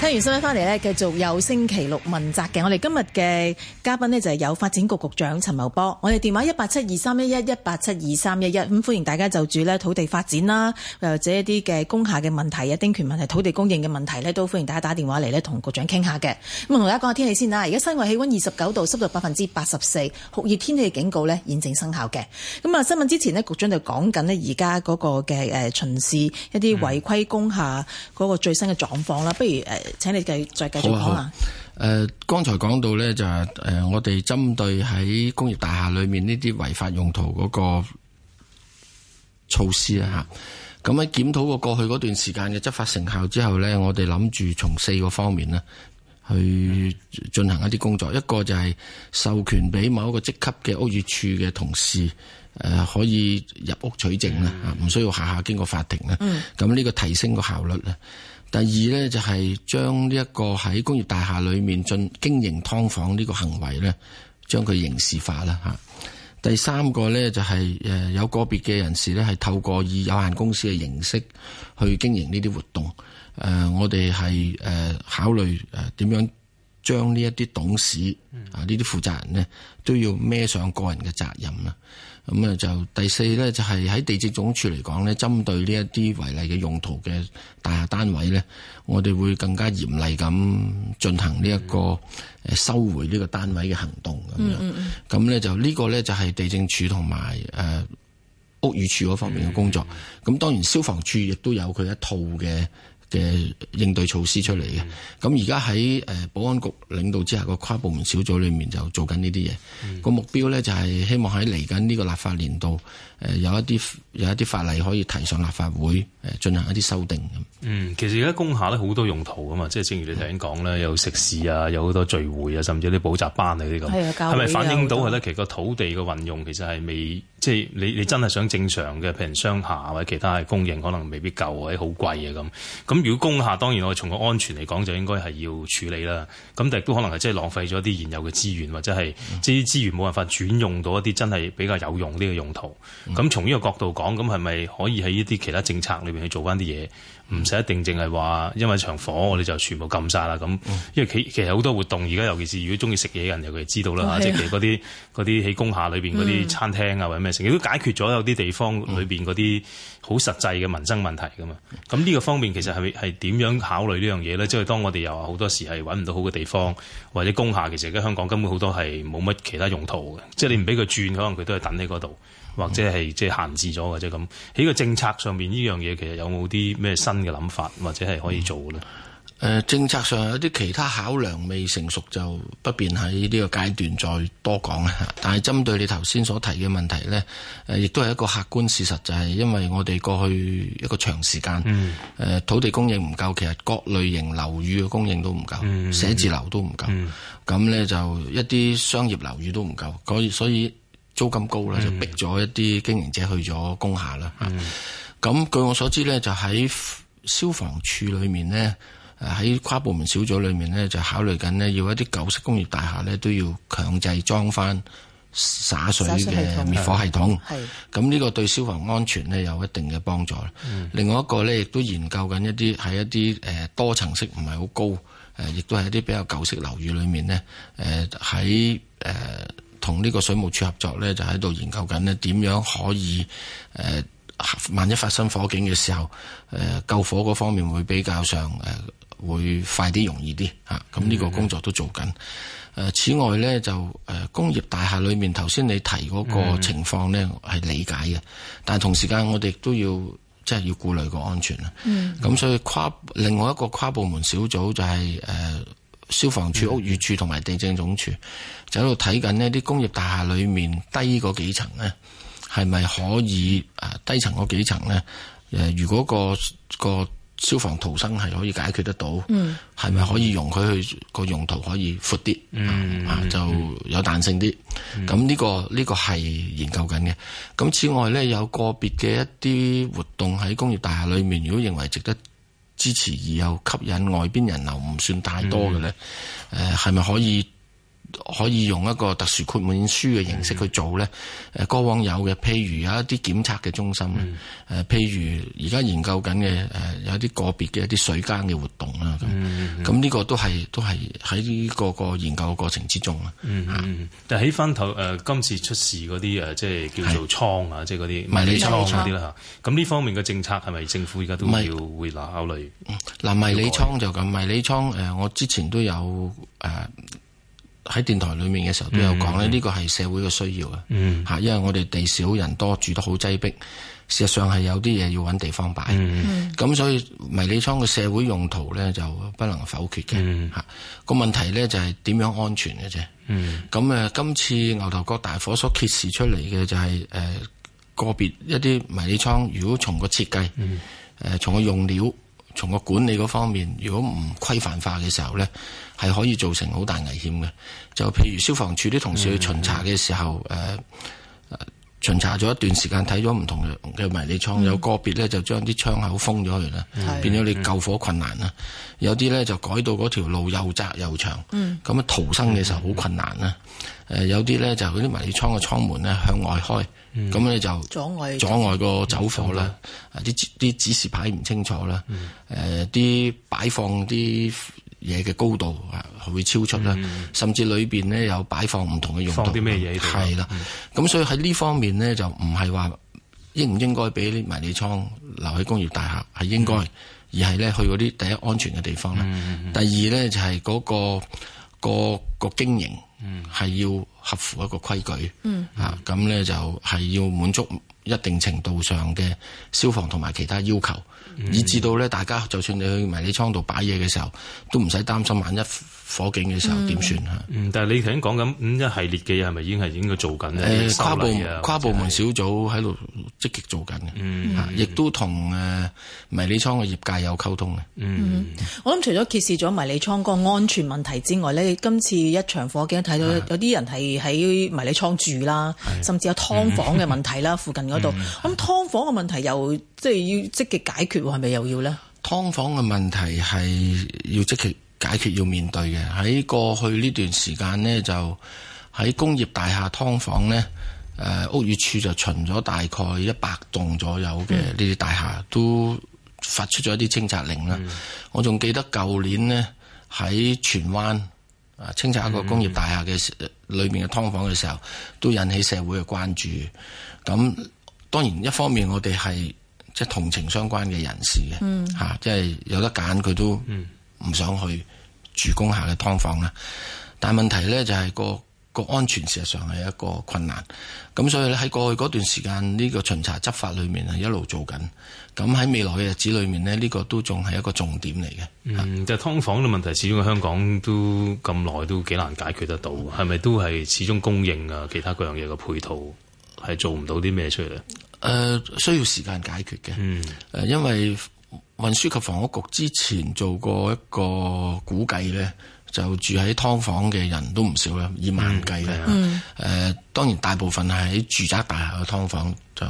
聽完新聞翻嚟咧，繼續有星期六問責嘅。我哋今日嘅嘉賓呢，就係有發展局局長陳茂波。我哋電話一八七二三一一一八七二三一一，咁歡迎大家就住咧土地發展啦，或者一啲嘅工廈嘅問題啊、丁權問題、土地供應嘅問題咧，都歡迎大家打電話嚟呢，同局長傾下嘅。咁同大家講下天氣先啦。而家室外氣溫二十九度，濕度百分之八十四，酷熱天氣警告呢，現正生效嘅。咁啊，新聞之前呢，局長就講緊呢，而家嗰個嘅誒巡視一啲違規工廈嗰個最新嘅狀況啦。不如誒。請你繼再繼續講啊！誒、啊、剛、呃、才講到咧就係、是、誒、呃，我哋針對喺工業大廈裏面呢啲違法用途嗰個措施啦吓。咁喺檢討過過去嗰段時間嘅執法成效之後咧，我哋諗住從四個方面咧去進行一啲工作。一個就係授權俾某一個職級嘅屋宇處嘅同事誒，可以入屋取證啦，唔、啊、需要下下經過法庭啦。咁、啊、呢、嗯嗯、個提升個效率咧。第二呢，就係、是、將呢一個喺工業大廈裏面進經營劏房呢個行為呢，將佢刑事化啦嚇。第三個呢，就係誒有個別嘅人士呢，係透過以有限公司嘅形式去經營呢啲活動。誒，我哋係誒考慮誒點樣將呢一啲董事啊呢啲負責人呢，都要孭上個人嘅責任啦。咁啊，就第四咧，就係喺地政總署嚟講咧，針對呢一啲違例嘅用途嘅大廈單位咧，我哋會更加嚴厲咁進行呢一個誒收回呢個單位嘅行動咁、嗯嗯、樣。咁、這、咧、個、就呢個咧就係地政署同埋誒屋宇署嗰方面嘅工作。咁、嗯嗯、當然消防處亦都有佢一套嘅。嘅應對措施出嚟嘅，咁而家喺誒保安局領導之下個跨部門小組裡面就做緊呢啲嘢，個、嗯、目標咧就係希望喺嚟緊呢個立法年度誒、呃、有一啲有一啲法例可以提上立法會誒、呃、進行一啲修訂。嗯，其實而家工廈咧好多用途噶嘛，即係正如你頭先講啦，有食肆啊，有好多聚會啊，甚至啲補習班呢啲。個、嗯，係咪反映到係咧？嗯、其實個土地嘅運用其實係未。即係你你真係想正常嘅，譬如商廈或者其他嘅供應可能未必夠，或者好貴啊。咁咁，如果供下，當然我哋從個安全嚟講就應該係要處理啦，咁但係都可能係即係浪費咗啲現有嘅資源，或者係即係啲資源冇辦法轉用到一啲真係比較有用呢嘅用途咁、嗯、從呢個角度講，咁係咪可以喺呢啲其他政策裏邊去做翻啲嘢？唔使一定淨係話，因為場火我哋就全部禁晒啦咁。因為其其實好多活動，而家尤其是如果中意食嘢嘅人，尤其知道啦 *laughs* 即係嗰啲嗰啲喺工廈裏邊嗰啲餐廳啊，或者咩成亦都解決咗有啲地方裏邊嗰啲好實際嘅民生問題噶嘛。咁呢 *laughs* 個方面其實係係點樣考慮呢樣嘢咧？即係當我哋又話好多時係揾唔到好嘅地方，或者工廈其實而家香港根本好多係冇乜其他用途嘅。即係 *laughs* 你唔俾佢轉，可能佢都係等喺嗰度。或者係即係限制咗或者咁，喺個政策上面，呢樣嘢其實有冇啲咩新嘅諗法，或者係可以做嘅咧、呃？政策上有啲其他考量未成熟，就不便喺呢個階段再多講啊！但係針對你頭先所提嘅問題呢，誒亦都係一個客觀事實，就係、係、因為我哋過去一個長時間、嗯呃、土地供應唔夠，其實各類型樓宇嘅供應都唔夠，嗯、寫字樓都唔夠，咁呢、嗯，嗯嗯、就一啲商業樓宇都唔夠，所以。所以租金高啦，嗯、就逼咗一啲經營者去咗工廈啦。咁、嗯啊、據我所知呢，就喺消防處裏面咧，喺跨部門小組裏面呢，就考慮緊咧，要一啲舊式工業大廈呢，都要強制裝翻灑水嘅滅火系統。係咁，呢個對消防安全呢，有一定嘅幫助。另外一個呢，亦都研究緊一啲喺一啲誒、呃、多層式唔係好高誒，亦、呃、都係一啲比較舊式樓宇裏面呢，喺、呃、誒。同呢個水務處合作呢，就喺、是、度研究緊呢點樣可以誒、呃、萬一發生火警嘅時候，誒、呃、救火嗰方面會比較上誒、呃、會快啲、容易啲嚇。咁、啊、呢個工作都做緊。誒、呃，此外呢，就誒、呃、工業大廈裏面頭先你提嗰個情況呢，係、嗯、理解嘅。但同時間我哋都要即係要顧慮個安全啦。咁、嗯、所以跨另外一個跨部門小組就係、是、誒。呃消防署、屋宇署同埋地政總署，嗯、就喺度睇緊咧啲工業大廈裏面低嗰幾層咧，係咪可以啊，低層嗰幾層咧？誒，如果個個消防逃生係可以解決得到，嗯，係咪可以用佢去個用途可以闊啲？嗯啊，就有彈性啲。咁呢、嗯呢個呢、呢個係研究緊嘅。咁此外咧，有個別嘅一啲活動喺工業大廈裏面，如果認為值得。支持而又吸引外邊人流唔算太多嘅咧，誒、嗯，係咪、呃、可以？可以用一個特殊豁免書嘅形式去做咧。誒、嗯啊，過往有嘅，譬如有一啲檢測嘅中心，誒、嗯啊，譬如而家研究緊嘅誒，有一啲個別嘅一啲水間嘅活動啦。咁咁呢個都係都係喺個個研究嘅過程之中啊。嚇、嗯嗯嗯！但係喺翻頭誒，今次出事嗰啲誒，即係叫做倉啊，即係嗰啲迷你倉啲啦嚇。咁呢方面嘅政策係咪政府而家都要會考慮迷？嗱迷你倉就咁，迷你倉誒，我之前都有誒。啊喺電台裏面嘅時候都有講咧，呢個係社會嘅需要啊，嚇、mm，hmm. 因為我哋地少人多，住得好擠迫，事實上係有啲嘢要揾地方擺，咁、mm hmm. 所以迷你倉嘅社會用途咧就不能否決嘅，嚇個、mm hmm. 問題咧就係、是、點樣安全嘅啫，咁誒、mm hmm. 今次牛頭角大火所揭示出嚟嘅就係、是、誒、呃、個別一啲迷你倉，如果從個設計，誒、mm hmm. 呃、從個用料。從個管理嗰方面，如果唔規範化嘅時候呢，係可以造成好大危險嘅。就譬如消防處啲同事去巡查嘅時候，誒誒、嗯。嗯嗯巡查咗一段時間，睇咗唔同嘅迷你倉，嗯、有個別咧就將啲窗口封咗佢啦，嗯、變咗你救火困難啦。嗯、有啲咧就改到嗰條路又窄又長，咁啊、嗯、逃生嘅時候好困難啦。誒、嗯、有啲咧就嗰啲迷你倉嘅倉，倉門咧向外開，咁咧、嗯、就阻礙阻礙個走火啦。啲啲指示牌唔清楚啦，誒啲、嗯嗯呃、擺放啲。嘢嘅高度啊，會超出啦，嗯、甚至裏邊咧有擺放唔同嘅用途，放啲咩嘢喺度？係啦，咁的、嗯、所以喺呢方面呢，就唔係話應唔應該俾啲迷你倉留喺工業大廈，係應該，嗯、而係呢去嗰啲第一安全嘅地方啦。嗯嗯、第二呢、那個，就係嗰個、那個、那個經營係要合乎一個規矩，嗯、啊咁咧就係要滿足一定程度上嘅消防同埋其他要求。以至到咧，大家 *noise* 就算你去迷你倉度擺嘢嘅時候，都唔使擔心，萬一。火警嘅時候點算吓？嗯，但係你頭先講緊嗰一系列嘅嘢，係咪已經係應該做緊咧？跨部門跨部門小組喺度積極做緊嘅，嗯，亦都同誒迷你倉嘅業界有溝通嘅。嗯，我諗除咗揭示咗迷你倉個安全問題之外呢，今次一場火警睇到有啲人係喺迷你倉住啦，甚至有劏房嘅問題啦，附近嗰度。咁劏房嘅問題又即係要積極解決，係咪又要呢？㓥房嘅問題係要積極。解決要面對嘅喺過去呢段時間呢，就喺工業大廈劏房呢，誒、呃、屋宇署就巡咗大概一百棟左右嘅呢啲大廈，嗯、都發出咗一啲清拆令啦。嗯、我仲記得舊年呢，喺荃灣啊清拆一個工業大廈嘅裏、嗯、面嘅劏房嘅時候，都引起社會嘅關注。咁當然一方面我哋係即係同情相關嘅人士嘅嚇，即係、嗯啊就是、有得揀佢都，嗯唔想去住工下嘅劏房啦，但係問題咧就係個個安全事實上係一個困難，咁所以咧喺過去嗰段時間呢、呢個巡查執法裏面係一路做緊，咁喺未來嘅日子裏面呢，呢、呢個都仲係一個重點嚟嘅。嗯，就係、劏房嘅問題，始終喺香港都咁耐都幾難解決得到，係咪、嗯、都係始終供應啊，其他各樣嘢嘅配套係做唔到啲咩出嚟？誒、呃，需要時間解決嘅。嗯。誒，因為。運輸及房屋局之前做過一個估計呢，就住喺劏房嘅人都唔少啦，以萬計啦。誒、嗯呃，當然大部分係喺住宅大廈嘅劏房，就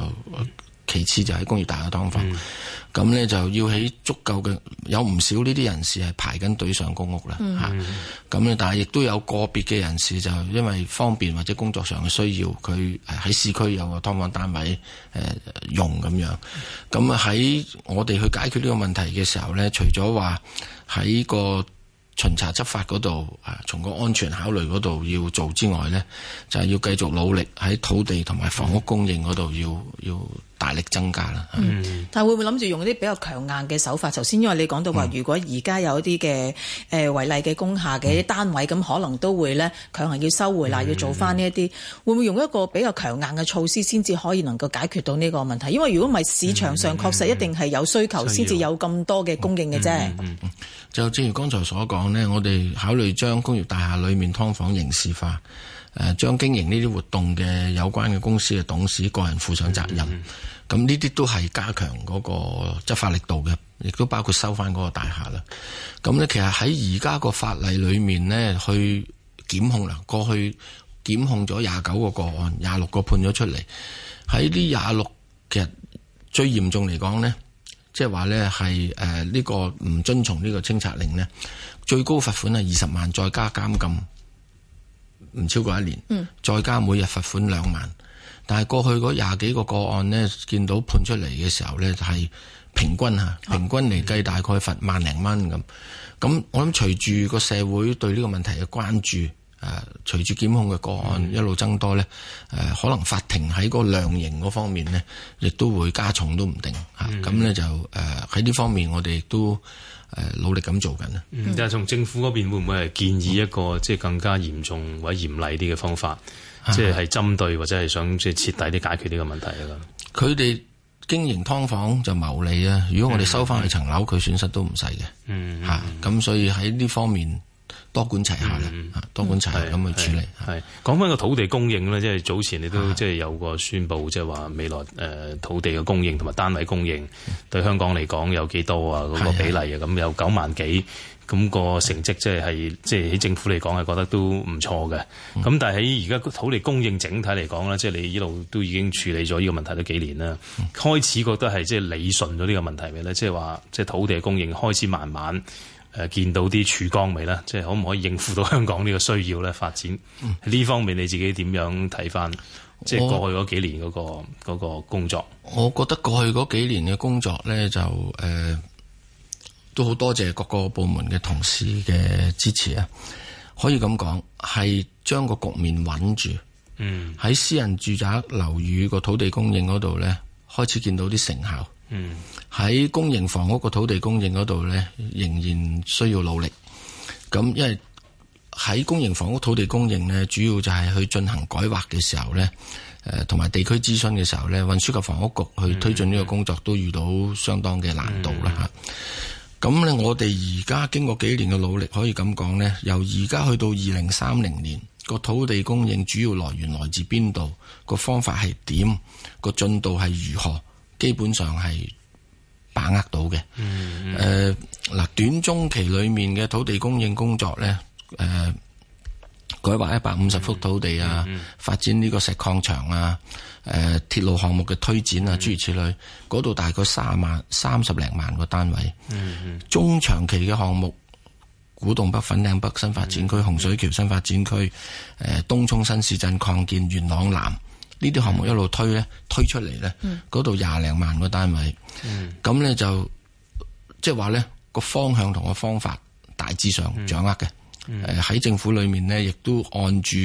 其次就喺工業大廈嘅劏房。嗯咁呢就要起足夠嘅，有唔少呢啲人士係排緊隊上公屋啦嚇。咁咧、嗯啊，但係亦都有個別嘅人士就因為方便或者工作上嘅需要，佢喺市區有個劏房單位誒、呃、用咁樣。咁啊喺我哋去解決呢個問題嘅時候呢，除咗話喺個巡查執法嗰度，誒、啊、從個安全考慮嗰度要做之外呢，就係要繼續努力喺土地同埋房屋供應嗰度要要。要大力增加啦。嗯，但係會唔會諗住用啲比較強硬嘅手法？頭先，因為你講到話，如果而家有一啲嘅誒違例嘅工廈嘅啲單位，咁、嗯、可能都會咧強行要收回啦，嗯、要做翻呢一啲。會唔會用一個比較強硬嘅措施先至可以能夠解決到呢個問題？因為如果唔係市場上確實一定係有需求先至有咁多嘅供應嘅啫、嗯嗯嗯。就正如剛才所講咧，我哋考慮將工業大廈裏面㓥房刑事化。誒，將經營呢啲活動嘅有關嘅公司嘅董事個人負上責任，咁呢啲都係加強嗰、嗰個執、就是、法力度嘅，亦都包括收翻嗰個大廈啦。咁、嗯、呢，其實喺而家個法例裏面呢，去檢控啦，過去檢控咗廿九個個案，廿六個判咗出嚟。喺呢廿六，其實最嚴重嚟講呢，即係話呢係誒呢個唔遵從呢個清拆令呢，最高罰款係二十萬，再加監禁。唔超過一年，嗯、再加每日罰款兩萬。但係過去嗰廿幾個個案呢，見到判出嚟嘅時候呢，就係平均嚇，平均嚟計大概罰、啊嗯、萬零蚊咁。咁我諗隨住個社會對呢個問題嘅關注，誒、啊、隨住檢控嘅個案一路增多呢，誒、嗯、可能法庭喺個量刑嗰方面呢，亦都會加重都唔定嚇。咁、啊、咧、嗯、就誒喺呢方面，我哋都。誒，努力咁做緊啦。嗯，但係從政府嗰邊會唔會係建議一個、嗯、即係更加嚴重或者嚴厲啲嘅方法，啊、即係針對或者係想即係徹底啲解決呢個問題啊？佢哋經營劏房就謀利啊！如果我哋收翻去層樓，佢、嗯、損失都唔細嘅。嗯、嚇、啊、咁、嗯、所以喺呢方面，多管齊下咧，嗯、多管齊下咁去處理。係講翻個土地供應咧，即係早前你都是即係有個宣佈，即係話未來誒、呃、土地嘅供應同埋單位供應對香港嚟講有幾多啊？嗰、那個比例啊，咁是有九萬幾咁是個成績即，是即係係即係喺政府嚟講係覺得都唔錯嘅。咁是但係喺而家土地供應整體嚟講咧，是即係你呢度都已經處理咗呢個問題都幾年啦。是開始覺得係即係理順咗呢個問題未咧？即係話即係土地供應開始慢慢。誒、呃、見到啲曙光未啦，即係可唔可以應付到香港呢個需要咧？發展呢、嗯、方面你自己點樣睇翻？即係過去嗰幾年嗰、嗰個、我個工作，我覺得過去嗰幾年嘅工作咧就誒、呃、都好多謝各個部門嘅同事嘅支持啊！可以咁講係將個局面穩住。嗯，喺私人住宅樓宇個土地供應嗰度咧，開始見到啲成效。嗯，喺公營房屋個土地供應嗰度呢，仍然需要努力。咁因為喺公營房屋土地供應呢，主要就係去進行改劃嘅時候呢，誒、呃，同埋地區諮詢嘅時候呢，運輸及房屋局去推進呢個工作，嗯、都遇到相當嘅難度啦吓。咁咧、嗯，我哋而家經過幾年嘅努力，可以咁講呢，由而家去到二零三零年，個土地供應主要來源來自邊度？個方法係點？個進度係如何？基本上係把握到嘅。誒嗱、嗯嗯呃，短中期裏面嘅土地供應工作呢誒、呃、改劃一百五十幅土地啊，嗯嗯、發展呢個石礦場啊，誒、呃、鐵路項目嘅推展啊，諸如此類。嗰度、嗯嗯嗯、大概三萬三十零萬個單位。嗯嗯嗯、中長期嘅項目，古洞北、粉嶺北新發展區、洪水橋新發展區、誒、呃、東涌新市鎮擴建、元朗南。呢啲項目一路推咧，推出嚟咧，嗰度廿零萬個單位，咁咧、嗯、就即係話咧個方向同個方法大致上掌握嘅。誒喺、嗯呃、政府裏面咧，亦都按住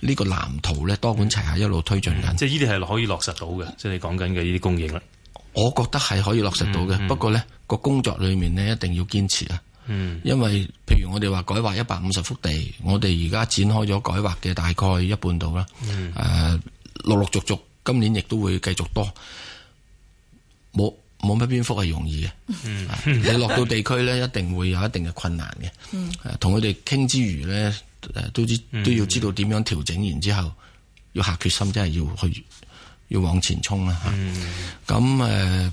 呢個藍圖咧，多管齊下一路推進緊、嗯嗯嗯。即係呢啲係可以落實到嘅，嗯、即係你講緊嘅呢啲供應啦。我覺得係可以落實到嘅，嗯嗯嗯、不過咧個工作裏面咧一定要堅持啊。因為譬如我哋話改劃一百五十幅地，我哋而家展開咗改劃嘅大概一半度啦。誒、嗯。嗯啊陸陸續續，今年亦都會繼續多，冇冇乜，邊幅係容易嘅、 *laughs* 啊。你落到地區呢，一定會有一定嘅困難嘅。同佢哋傾之餘呢、啊，都知都要知道點樣調整，然之後要下決心，真係要去要往前衝啦。吓咁誒，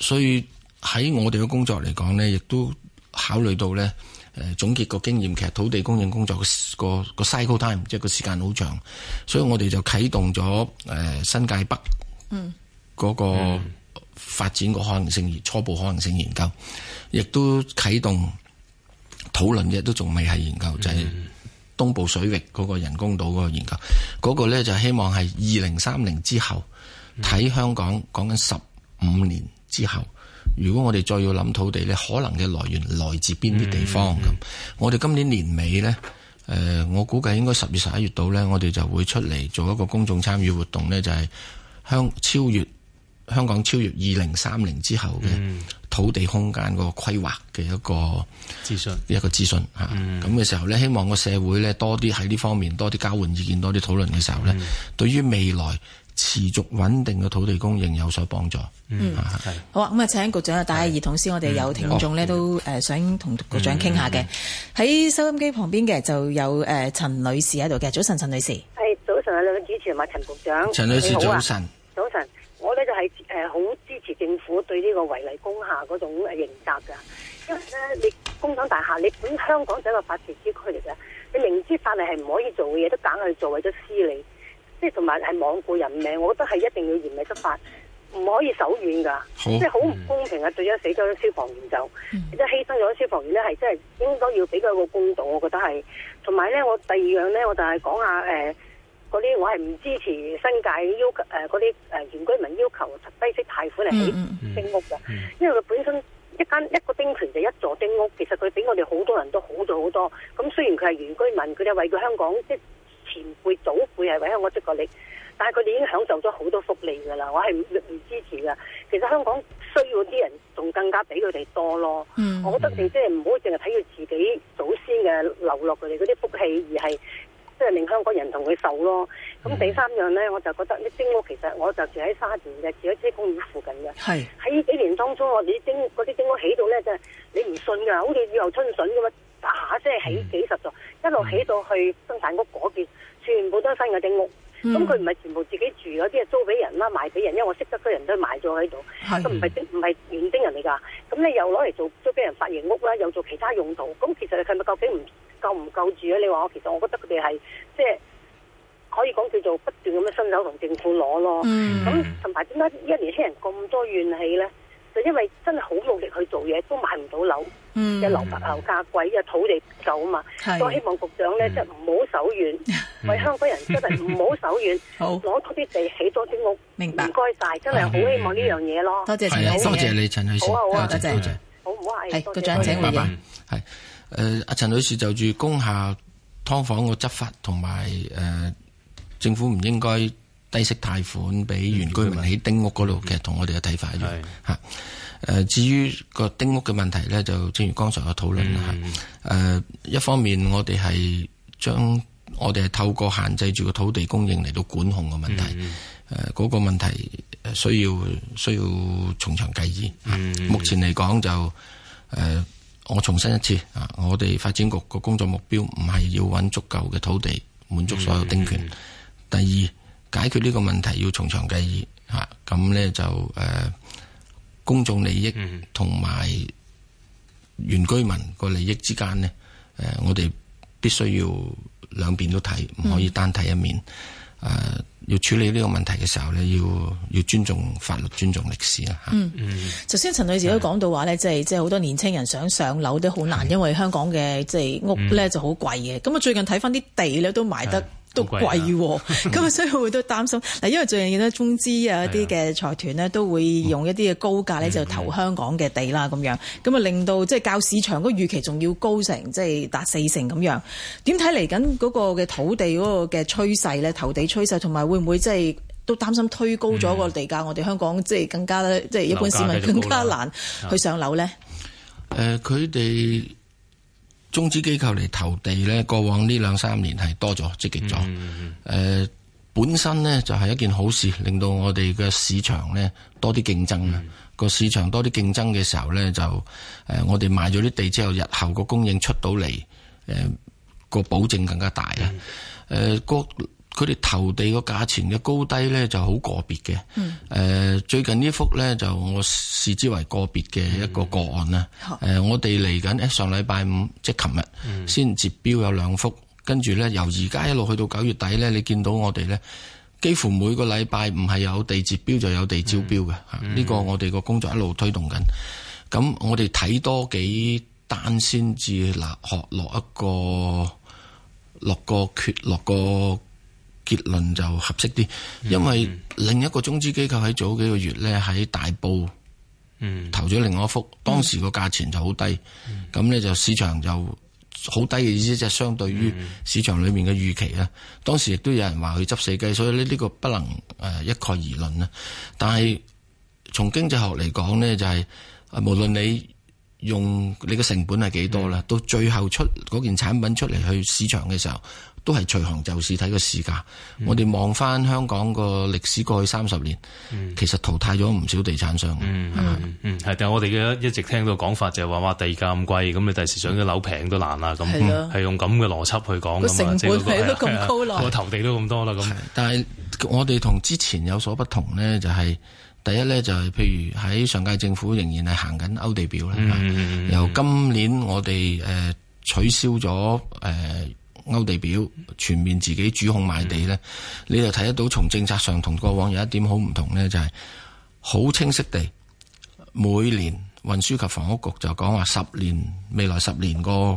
所以喺我哋嘅工作嚟講呢，亦都考慮到呢。誒總結個經驗，其實土地供應工作個個 cycle time，即係個時間好長，所以我哋就啟動咗誒、呃、新界北嗰個發展個可能性初步可能性研究，亦都啟動討論嘅，都仲未係研究，就係、是、東部水域個人工島個研究，嗰個咧就希望係二零三零之後睇香港講緊十五年之後。如果我哋再要諗土地呢，可能嘅來源來自邊啲地方咁、嗯嗯？我哋今年年尾呢，誒、呃，我估計應該十月十一月到呢，我哋就會出嚟做一個公眾參與活動呢，就係香超越香港超越二零三零之後嘅土地空間 𠮶 個規劃嘅一個資訊，嗯、一個資訊吓。咁嘅、嗯、時候呢，希望個社會呢多啲喺呢方面多啲交換意見，多啲討論嘅時候呢，嗯、對於未來。持續穩定嘅土地供應有所幫助。嗯，係好啊！咁啊上，請局長啊，戴耳筒先。我哋有聽眾咧都誒想同局長傾下嘅。喺收音機旁邊嘅就有誒陳女士喺度嘅。早晨，陳女士。係早晨啊！兩個主持同埋陳局長。陳女士，早晨。早晨，我咧就係誒好支持政府對呢個違例工廈嗰種誒刑責噶。因為咧，你工廠大廈，你本香港就係一個法治之區嚟嘅，你明知法例係唔可以做嘅嘢，都揀去做為，為咗私利。即係同埋係罔顧人命，我覺得係一定要嚴厲執法，唔可以手軟噶。好即係好唔公平啊！對咗、嗯、死咗消防員就即係犧牲咗消防員咧，係真係應該要俾佢個公道。我覺得係同埋咧，我第二樣咧，我就係講下誒嗰啲，我係唔支持新界要求誒嗰啲誒原居民要求低息貸款嚟起丁屋噶，嗯嗯嗯、因為佢本身一間、嗯、一個丁權就一座丁屋，其實佢俾我哋好多人都好咗好多。咁雖然佢係原居民，佢哋為咗香港即前輩祖輩係為香港出過力，但係佢哋已經享受咗好多福利噶啦，我係唔支持噶。其實香港需要啲人仲更加比佢哋多咯。嗯、我覺得你即係唔好淨係睇佢自己祖先嘅流落佢哋嗰啲福氣，而係即係令香港人同佢受咯。咁、嗯、第三樣呢，我就覺得啲丁屋其實我就住喺沙田嘅，住喺車公廟附近嘅。係喺呢幾年當中，我哋啲丁啲丁屋起到呢，真、就、係、是、你唔信噶，好似雨後春筍咁啊！下、啊、即係起幾十棟，嗯、一路起到去生產屋嗰邊，全部都係新嘅丁屋。咁佢唔係全部自己住，嗰啲係租俾人啦，賣俾人。因為我識得嗰人都賣咗喺度，都唔係丁唔係原丁人嚟㗎。咁你又攞嚟做租俾人髮型屋啦，又做其他用途。咁其實佢係咪究竟唔夠唔夠住咧？你話我其實我覺得佢哋係即係可以講叫做不斷咁樣伸手同政府攞咯。咁同埋點解依一年輕人咁多怨氣咧？就因為真係好努力去做嘢，都買唔到樓嘅樓價樓價貴啊，土地唔夠啊嘛，我希望局長咧，即係唔好手軟，為香港人真係唔好手軟，攞多啲地起多啲屋，明白，唔該晒，真係好希望呢樣嘢咯。多謝陳，多謝你陳女士，多謝，好唔好啊？係，局長請唔該，係誒，阿陳女士就住工廈劏房個執法，同埋誒政府唔應該。低息貸款俾原居民喺丁屋嗰度，其實同我哋嘅睇法一樣嚇。誒是、啊，至於個丁屋嘅問題呢，就正如剛才嘅討論啦嚇、嗯啊。一方面我哋係將我哋係透過限制住個土地供應嚟到管控個問題。誒、嗯，嗰、啊，那個問題需要需要從長計議。啊、目前嚟講就誒、啊，我重申一次啊，我哋發展局個工作目標唔係要揾足夠嘅土地滿足所有丁權、嗯嗯嗯。第二。解決呢個問題要從長計議嚇，咁、啊、咧就誒、呃、公眾利益同埋原居民個利益之間呢，誒、呃、我哋必須要兩邊都睇，唔可以單睇一面。誒、嗯啊、要處理呢個問題嘅時候咧，要要尊重法律，尊重歷史啦嚇。嗯、啊、嗯，頭先、嗯、陳女士都講到話咧，即係即係好多年青人想上樓都好難，的因為香港嘅即係屋咧就好貴嘅。咁啊的，最近睇翻啲地咧都賣得。都貴喎，咁啊，所以我都擔心嗱，因為最近見到中資啊一啲嘅財團呢，都會用一啲嘅高價咧，就投香港嘅地啦，咁樣，咁啊令到即係較市場嗰個預期仲要高成，即係達四成咁樣。點睇嚟緊嗰個嘅土地嗰個嘅趨勢咧，投地趨勢同埋會唔會即係都擔心推高咗個地價？我哋香港即係更加咧，即係、嗯、一般市民更加難去上樓咧。誒、嗯，佢哋。中資機構嚟投地呢，過往呢兩三年係多咗，積極咗。誒、mm hmm. 呃、本身呢，就係一件好事，令到我哋嘅市場呢多啲競爭啊！個市場多啲競爭嘅、mm hmm. 時候呢，就誒、呃、我哋賣咗啲地之後，日後個供應出到嚟，誒、呃、個保證更加大啦。誒、mm hmm. 呃佢哋投地個價錢嘅高低咧就好個別嘅。誒、嗯、最近呢一幅咧就我視之為個別嘅一個個案啦。誒、嗯、我哋嚟緊咧上禮拜五即係琴日先截標有兩幅，跟住咧由而家一路去到九月底咧，嗯、你見到我哋咧幾乎每個禮拜唔係有地截標就是、有地招標嘅。呢、嗯嗯、個我哋個工作一路推動緊。咁、嗯、我哋睇多幾單先至落落一個落個決，落個。結論就合適啲，因為另一個中資機構喺早幾個月呢，喺大埔，投咗另外一幅，嗯、當時個價錢就好低，咁呢、嗯，就市場就好低嘅意思，即、就、係、是、相對於市場裏面嘅預期咧。當時亦都有人話去執死雞，所以呢呢個不能誒一概而論啦。但係從經濟學嚟講呢，就係無論你用你嘅成本係幾多啦，嗯、到最後出嗰件產品出嚟去市場嘅時候，都係隨行就市睇個市價。我哋望翻香港個歷史過去三十年，其實淘汰咗唔少地產商嘅。係，但係我哋嘅一直聽到講法就係話：哇，地價咁貴，咁你第時想啲樓平都難啦。咁係用咁嘅邏輯去講。個成本係都咁高，攞投地都咁多啦。咁但係我哋同之前有所不同呢，就係第一呢，就係譬如喺上屆政府仍然係行緊勾地表咧。由今年我哋誒取消咗誒。勾地表，全面自己主控賣地呢、嗯、你就睇得到，從政策上同過往有一點好唔同呢，就係好清晰地每年運輸及房屋局就講話十年，未來十年個。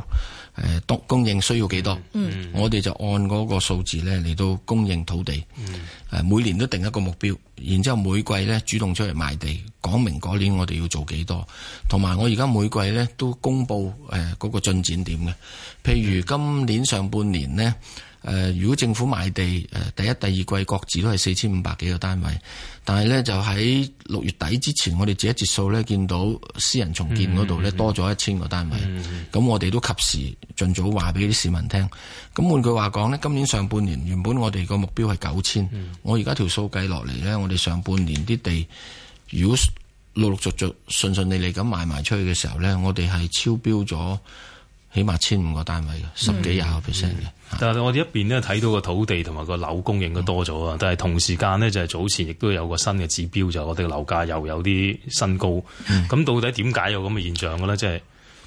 誒，供供應需要幾多？嗯、mm，hmm. 我哋就按嗰個數字咧嚟到供應土地。嗯、mm，誒、hmm.，每年都定一個目標，然之後每季咧主動出嚟賣地，講明嗰年我哋要做幾多，同埋我而家每季咧都公布誒嗰個進展點嘅。譬如今年上半年咧。誒、呃，如果政府賣地，誒、呃、第一、第二季各自都係四千五百幾個單位，但係呢就喺六月底之前，我哋自己結數呢，見到私人重建嗰度呢多咗一千個單位，咁、嗯嗯嗯嗯、我哋都及時盡早話俾啲市民聽。咁換句話講呢，今年上半年原本我哋個目標係九千，我而家條數計落嚟呢，我哋上半年啲地如果陸陸續續順順利利咁賣埋出去嘅時候呢，我哋係超標咗。起碼千五個單位嘅，十幾廿 percent 嘅。但係我哋一邊咧睇到個土地同埋個樓供應都多咗啊，但係同時間咧就係早前亦都有個新嘅指標，就我哋個樓價又有啲新高。咁到底點解有咁嘅現象嘅咧？即係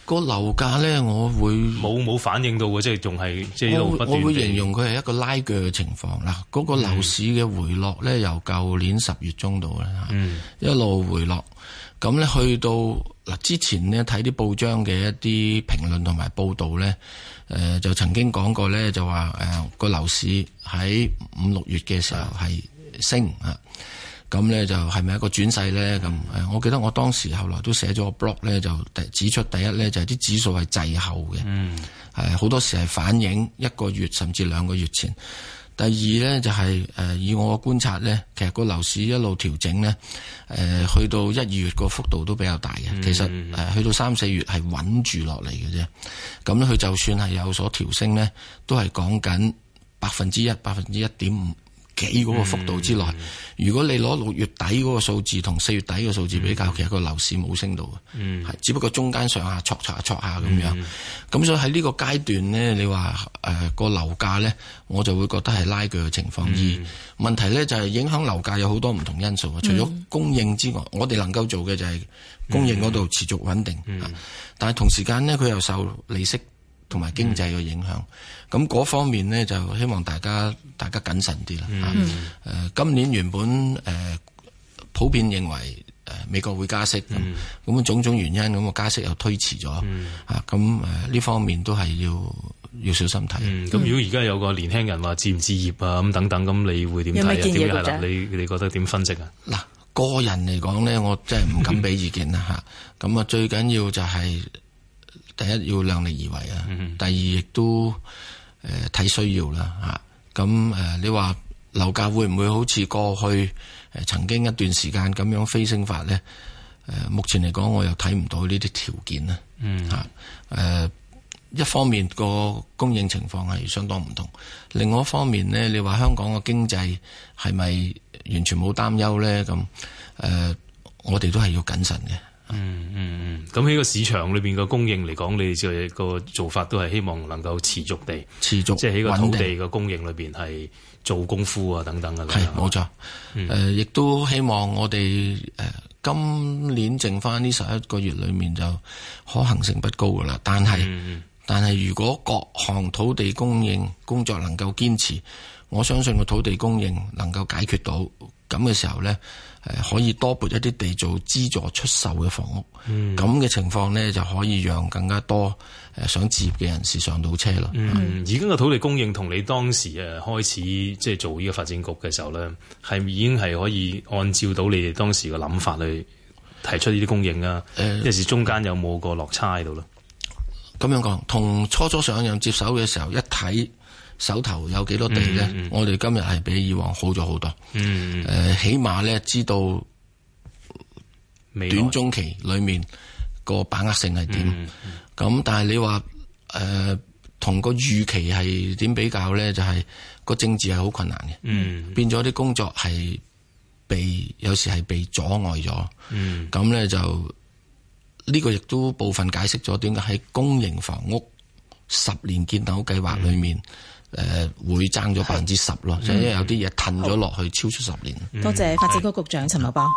個樓價咧，我會冇冇反映到嘅，即係仲係即係我我會形容佢係一個拉鋸嘅情況。嗱，嗰個樓市嘅回落咧，由舊年十月中度咧，嗯，一路回落，咁咧去到。嗱，之前咧睇啲報章嘅一啲評論同埋報道咧，誒、呃、就曾經講過咧，就話誒個樓市喺五六月嘅時候係升啊，咁咧就係咪一個轉勢咧？咁、嗯、我記得我當時後來都寫咗個 blog 咧，就指出第一咧就係、嗯、啲指數係滯後嘅，誒好、嗯、多時係反映一個月甚至兩個月前。第二呢、就係，就係誒以我嘅觀察呢，其實個樓市一路調整呢，誒、呃、去到一、二月個幅度都比較大嘅，嗯、其實誒、呃、去到三四月係穩住落嚟嘅啫。咁佢就算係有所調升呢，都係講緊百分之一、百分之一點五。喺嗰、嗯、個幅度之內，如果你攞六月底嗰個數字同四月底嘅數字比較，嗯、其實個樓市冇升到嘅、嗯，只不過中間上下戳下戳下咁樣。咁、嗯、所以喺呢個階段呢，你話誒、呃嗰個樓價呢，我就會覺得係拉鋸嘅情況。而、嗯、問題呢，就係、是、影響樓價有好多唔同因素，除咗供應之外，嗯、我哋能夠做嘅就係供應嗰度持續穩定，嗯、但係同時間呢，佢又受利息，同埋經濟嘅影響，咁嗰方面呢，就希望大家大家謹慎啲啦。誒、嗯啊，今年原本誒、呃、普遍認為誒美國會加息，咁咁、嗯啊、種種原因，咁個加息又推遲咗。嗯、啊，咁呢方面都係要要小心睇。咁、嗯、如果而家有個年輕人話置唔置業啊咁等等，咁你會點睇啊？點樣你你覺得點分析啊？嗱、啊，個人嚟講呢，我真係唔敢俾意見啦嚇。咁啊， *laughs* 啊，最緊要就係。第一要量力而為啊，第二亦都誒睇、呃、需要啦吓，咁、啊、誒、呃、你話樓價會唔會好似過去誒、呃、曾經一段時間咁樣飛升法呢？誒、呃，目前嚟講我又睇唔到呢啲條件啊，吓誒、嗯啊呃，一方面個供應情況係相當唔同，另外一方面呢，你話香港個經濟係咪完全冇擔憂呢？咁誒、呃，我哋都係要謹慎嘅。嗯嗯嗯，咁喺個市場裏邊個供應嚟講，你嘅個做法都係希望能夠持續地持續，即係喺個土地個供應裏邊係做功夫啊，等等啊。係冇錯，誒、嗯呃，亦都希望我哋誒、呃、今年剩翻呢十一個月裏面就可行性不高噶啦。但係、嗯、但係如果各項土地供應工作能夠堅持，我相信個土地供應能夠解決到咁嘅時候呢。誒，可以多撥一啲地做資助出售嘅房屋，咁嘅、嗯、情況咧就可以讓更加多誒想置業嘅人士上到車咯。嗯，而家個土地供應同你當時誒開始即係、就是、做呢個發展局嘅時候咧，係已經係可以按照到你哋當時嘅諗法去提出呢啲供應啊。一、嗯、時中間有冇個落差喺度咧？咁樣講，同初初上任接手嘅時候一睇。手頭有幾多地呢？嗯嗯、我哋今日係比以往好咗好多。誒、嗯嗯呃，起碼呢，知道短中期裡面個把握性係點。咁、嗯嗯嗯、但係你話誒同個預期係點比較呢？就係、是、個政治係好困難嘅，嗯嗯、變咗啲工作係被有時係被阻礙咗。咁、嗯嗯、呢，就呢、呢個亦都部分解釋咗點解喺公營房屋十年建樓計劃裡面。嗯嗯誒、呃，會爭咗百分之十咯，即係因為的有啲嘢褪咗落去，超出十年。嗯、多謝發展局局長陳茂波。